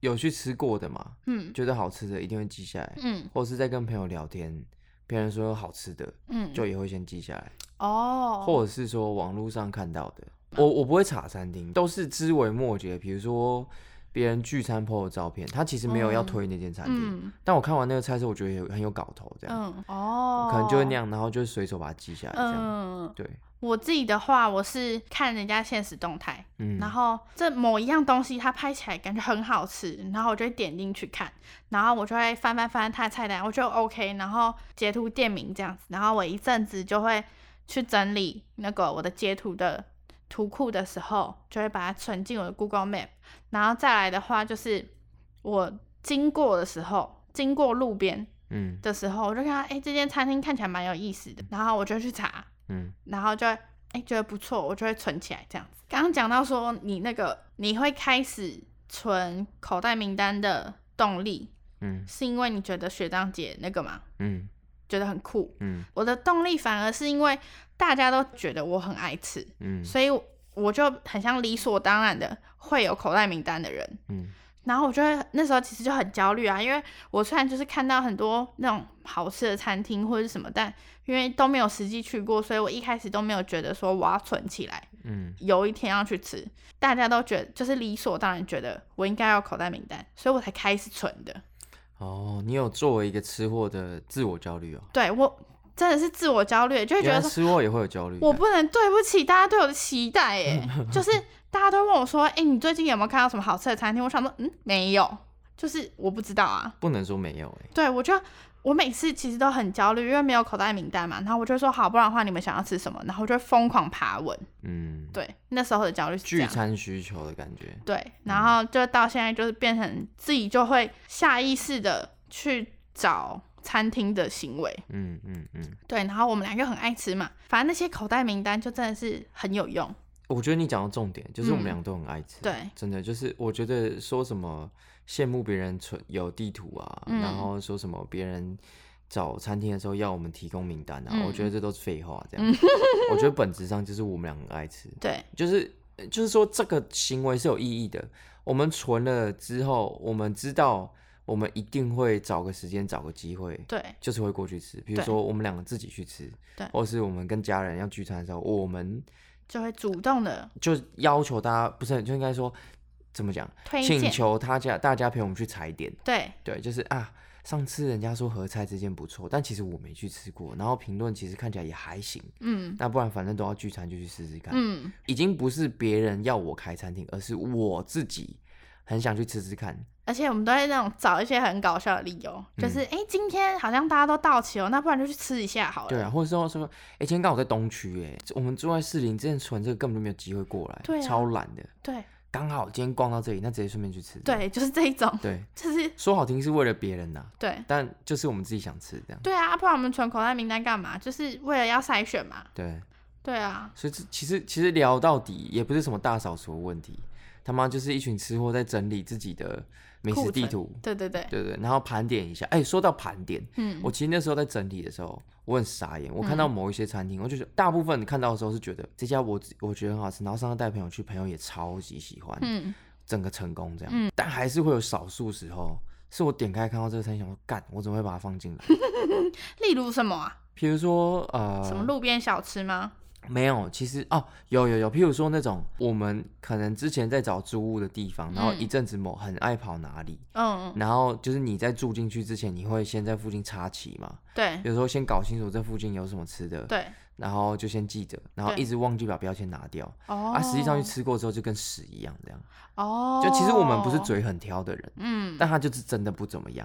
有去吃過的嘛，嗯，覺得好吃的一定會記下來，嗯，或者是在跟朋友聊天，別人說有好吃的，嗯，就也會先記下來。哦、oh.，或者是說網絡上看到的，我我不會查餐廳，都是枝微末節。比如說別人聚餐 PO 的照片，他其實沒有要推那間餐廳，嗯，但我看完那個菜色，我覺得很有搞頭，這樣，哦、嗯，oh. 可能就會那樣，然後就隨手把它記下來，這樣、嗯，對。我自己的話，我是看人家現實動態，嗯，然後這某一樣東西他拍起來感覺很好吃，然後我就會點進去看，然後我就會翻翻翻他的菜單，我覺得 OK，然後截圖店名這樣子，然後我一陣子就會去整理那個我的截圖的圖庫的時候，就會把它存進我的 Google Map。然後再來的話，就是我經過的時候，經過路邊，嗯，的時候我就看到，哎、欸，這間餐廳看起來蠻有意思的，然後我就去查，嗯，然後就會，哎、欸，覺得不錯，我就會存起來這樣子。剛剛講到說你那個你會開始存口袋名單的動力，嗯，是因為你覺得學長姐那個嗎？嗯。覺得很酷，嗯，我的動力反而是因為大家都覺得我很愛吃，嗯，所以我就很像理所當然的會有口袋名單的人，嗯，然後我就會那時候其實就很焦慮啊，因為我雖然就是看到很多那種好吃的餐廳或者什麼，但因為都沒有實際去過，所以我一開始都沒有覺得說我要存起來，嗯，有一天要去吃。大家都覺得就是理所當然覺得我應該要有口袋名單，所以我才開始存的。哦，你有作為一個吃貨的自我焦慮哦？對，我真的是自我焦慮，就會覺得說吃貨也會有焦慮。我不能對不起大家對我的期待耶， 就是大家都問我說，欸，你最近有沒有看到什麼好吃的餐廳？我想說，嗯，沒有，就是我不知道啊。不能說沒有哎，對，我覺得。我每次其實都很焦慮，因為沒有口袋名單嘛，然後我就說好，不然的話你們想要吃什麼，然後我就瘋狂爬文。嗯，對，那時候的焦慮是聚餐需求的感覺。對，然後就到現在就是變成自己就會下意識的去找餐廳的行為。嗯嗯嗯，對，然後我們兩個很愛吃嘛，反正那些口袋名單就真的是很有用。我覺得你講的重點就是我們兩個都很愛吃。嗯，對，真的就是我覺得說什麼。羨慕別人存有地圖啊、嗯，然後說什麼別人找餐廳的時候要我們提供名單啊，嗯、我覺得這都是廢話。這樣，嗯、 我覺得本質上就是我們兩個愛吃。對，就是就是說這個行為是有意義的。我們存了之後，我們知道我們一定會找個時間、找個機會，對，就是會過去吃。比如說我們兩個自己去吃，對，或是我們跟家人要聚餐的時候，我們就會主動的，就要求大家不是，就應該說。怎麼講？請求他家大家陪我們去踩點。對，對，就是啊，上次人家說合菜這間不錯，但其實我沒去吃過。然後評論其實看起來也還行。嗯，那不然反正都要聚餐，就去試試看。嗯，已經不是別人要我開餐廳，而是我自己很想去吃吃看。而且我們都在那種找一些很搞笑的理由，就是哎、嗯，欸，今天好像大家都到齊了，那不然就去吃一下好了。對啊，或者說說，哎、欸，今天剛好在東區，哎，我們住在士林，之前存這個根本就沒有機會過來，對、啊。超懶的。對。剛好今天逛到這裡，那直接順便去吃。對，就是這一種。對，就是說好聽是為了別人的啊。對，但就是我們自己想吃這樣。對啊，不然我們存口袋名單幹嘛？就是為了要篩選嘛。對。對啊。所以其實其實聊到底也不是什麼大掃除問題，他媽就是一群吃貨在整理自己的。美食地圖，對對對，對對，然後盤點一下。哎、欸，說到盤點，嗯，我其實那時候在整理的時候，我很傻眼。我看到某一些餐廳，嗯、我就覺得大部分看到的時候是覺得、嗯、這家我我覺得很好吃，然後上次帶朋友去，朋友也超級喜歡，嗯，整個成功這樣、嗯。但還是會有少數時候是我點開看到這個餐廳想說，說幹，我怎麼會把它放進來？ 例如什麼啊？譬如說呃，什麼路邊小吃嗎？沒有，其實哦，有有有，譬如說那種我們可能之前在找租屋的地方，嗯、然後一陣子某很愛跑哪裡，嗯然後就是你在住進去之前，你會先在附近插旗嘛？對，有時候先搞清楚這附近有什麼吃的，對，然後就先記着，然後一直忘記把標籤拿掉，哦，啊，實際上去吃過之後就跟屎一樣這樣，哦，就其實我們不是嘴很挑的人，嗯，但他就是真的不怎麼樣。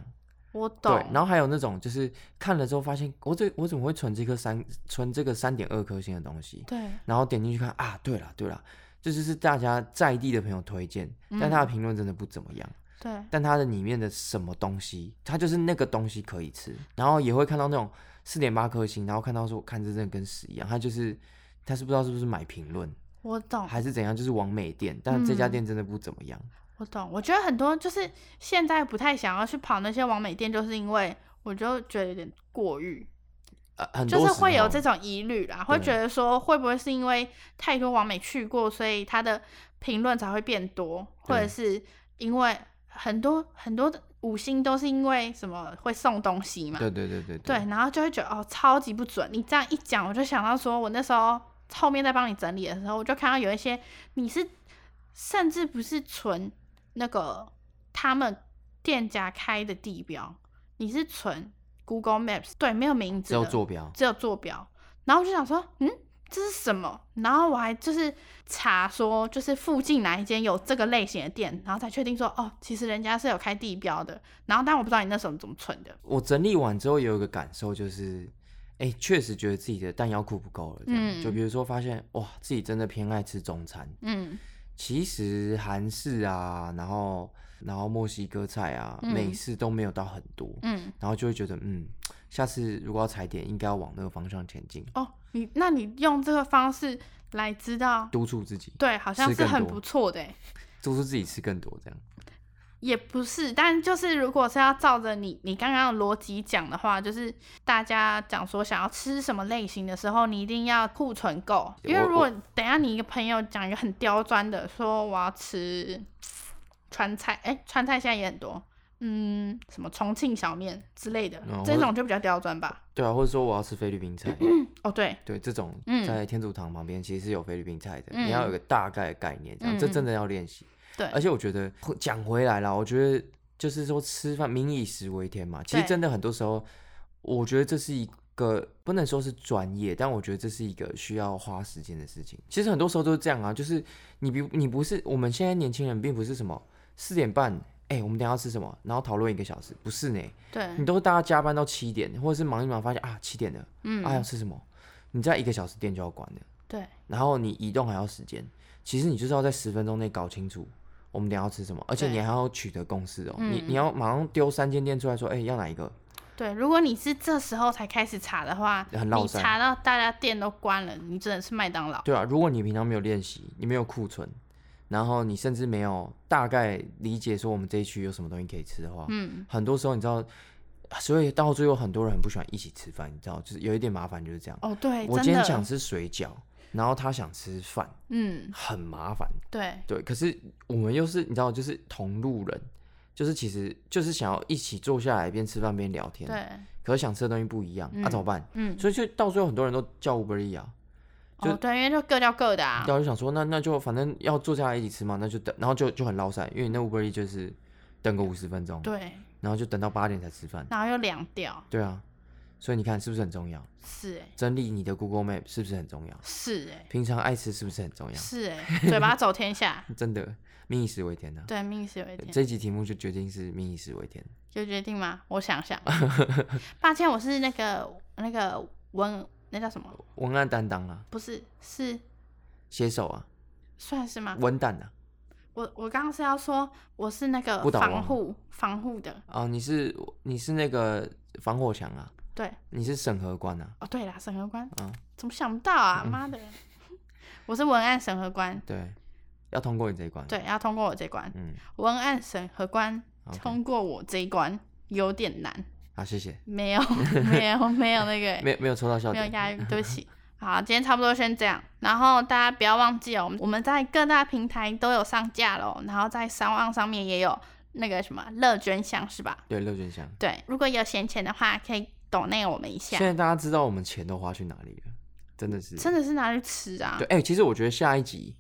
我懂。對，然後還有那種就是看了之後發現，我這我怎麼會存這顆三存這個三點二顆星的東西？對，然後點進去看啊，對了對了，就是是大家在地的朋友推薦、嗯，但他的評論真的不怎麼樣。對，但他的裡面的什麼東西，他就是那個東西可以吃，然後也會看到那種四點八顆星，然後看到說看這真的跟屎一樣，他就是他是不知道是不是買評論，我懂，還是怎樣，就是網美店，但這家店真的不怎麼樣。嗯嗯我懂，我覺得很多就是現在不太想要去跑那些網美店，就是因為我就覺得有點過譽，呃，就是會有這種疑慮啦，會覺得說會不會是因為太多網美去過，所以他的評論才會變多，或者是因為很多很多的五星都是因為什麼會送東西嘛？對對對對對，對，對，然後就會覺得哦，超級不準。你這樣一講，我就想到說我那時候後面在幫你整理的時候，我就看到有一些你是甚至不是純。那個他們店家開的地標，你是存 Google Maps 對，沒有名字，只有坐標，只有坐標。然後我就想說，嗯，這是什麼？然後我還就是查說，就是附近哪一間有這個類型的店，然後才確定說，哦，其實人家是有開地標的。然後，但我不知道你那時候怎麼存的。我整理完之後也有一個感受，就是，哎，確實覺得自己的彈藥庫不夠了這樣。嗯，就比如說發現，哇，自己真的偏愛吃中餐。嗯。其實韓式啊，然後然後墨西哥菜啊，美式，嗯，都沒有到很多，嗯，然後就會覺得，嗯，下次如果要踩點，應該要往那個方向前進。哦，你那你用這個方式來知道督促自己，對，好像是很不錯的，督促自己吃更多這樣。也不是，但就是如果是要照着你你剛剛的邏輯講的話，就是大家講說想要吃什麼類型的時候，你一定要庫存夠。因為如果等一下你一個朋友講一個很刁鑽的，說我要吃川菜，哎、欸，川菜現在也很多，嗯，什麼重慶小麵之類的、嗯，這種就比較刁鑽吧。對啊，或者說我要吃菲律賓菜，嗯、對哦對，對，這種在天主堂旁邊其實是有菲律賓菜的、嗯，你要有個大概的概念，這樣、嗯、這真的要練習。對，而且我覺得講回來了，我覺得就是說吃飯，民以食為天嘛。其實真的很多時候，我覺得這是一個不能說是專業，但我覺得這是一個需要花時間的事情。其實很多時候都是這樣啊，就是你比你不是我們現在年輕人，並不是什麼四點半，哎、欸，我們等一下吃什麼，然後討論一個小時，不是呢？對，你都大家加班到七點，或者是忙一忙發現啊七點了，嗯，哎、啊、要吃什麼？你在一個小時店就要關了。對。然後你移動還要時間，其實你就是要在十分鐘內搞清楚。我們等下要吃什麼，而且你還要取得共識哦。嗯、你你要馬上丟三間店出來說，哎、欸，要哪一個？對，如果你是這時候才開始查的話，你查到大家店都關了，你只能吃麥當勞。對啊，如果你平常沒有練習，你沒有庫存，然後你甚至沒有大概理解說我們這一區有什麼東西可以吃的話，嗯，很多時候你知道，所以到最後很多人很不喜歡一起吃飯，你知道，就是有一點麻煩，就是這樣。哦，對，我今天想吃水餃。然後他想吃飯，嗯，很麻煩，對對。可是我們又是你知道，就是同路人，就是其實就是想要一起坐下來邊吃飯邊聊天，對。可是想吃的東西不一樣，那、嗯啊、怎麼辦？嗯，所以就到最後很多人都叫 Uber E 啊。就、哦、對，因為就各叫各的啊。然後就想說，那那就反正要坐下來一起吃嘛，那就等，然後就就很撈塞，因為那 Uber E 就是等個五十分鐘，對，然後就等到八點才吃飯，然後又涼掉，對啊。所以你看是不是很重要？是真、欸、整理你的 Google Map 是不是很重要？是、欸、平常愛吃是不是很重要？是哎、欸。 嘴巴走天下，真的，民以食為天吶、啊。對，民以食為天。這集題目就決定是民以食為天。有決定嗎？我想想。 抱歉，我是那個那個文，那叫什麼？文案擔當了、啊。不是，是寫手啊。算是嗎？文膽的、啊。我我剛剛是要說我是那個防護防護的。哦、呃，你是你是那個防火牆啊。對，你是審核官吶、啊？哦，對啦，審核官，嗯，怎麼想不到啊？媽的， 我是文案審核官，對，要通過你這一關，對，要通過我這一關，嗯，文案審核官、okay. 通過我這一關有點難。好，謝謝。沒有，沒有，沒有那個， 沒有沒有抽到笑點，沒有押韻，對不起。好，今天差不多先這樣，然後大家不要忘記哦，我們在各大平台都有上架嘍，然後在 SoundOn 上面也有那個什麼樂捐箱是吧？對，樂捐箱。對，如果有閒錢的話可以。斗內那個我們一下。現在大家知道我們錢都花去哪裡了，真的是，真的是拿來吃啊。對，哎、欸，其實我覺得下一集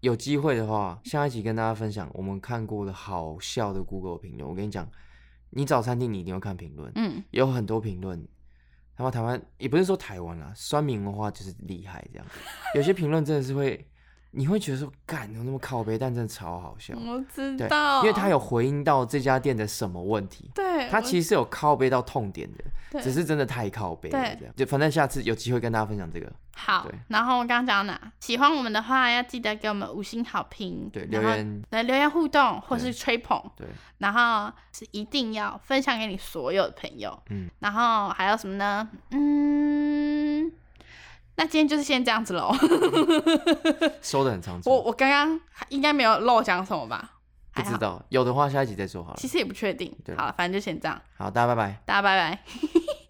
有機會的話，下一集跟大家分享我們看過的好笑的 Google 評論。我跟你講，你找餐廳你一定要看評論，嗯，有很多評論，他媽台灣也不是說台灣啊，酸民文化就是厲害這樣子。有些評論真的是會。你會覺得說，敢有那麼靠背，但真的超好笑。我知道，因為他有回應到這家店的什麼問題，對，他其實是有靠背到痛點的，對，只是真的太靠背了這樣對就反正下次有機會跟大家分享這個。好，然後我剛剛講到哪？喜歡我們的話，要記得給我們五星好評，對，留言，對，留言互動或是吹捧對，對，然後是一定要分享給你所有的朋友，嗯，然後還有什麼呢？嗯。那今天就是先這樣子嘍，收的很長。 我我剛剛應該沒有漏講什麼吧？不知道，有的話下一集再說好了。其實也不確定。對，好了，反正就先這樣。好，大家拜拜。大家拜拜。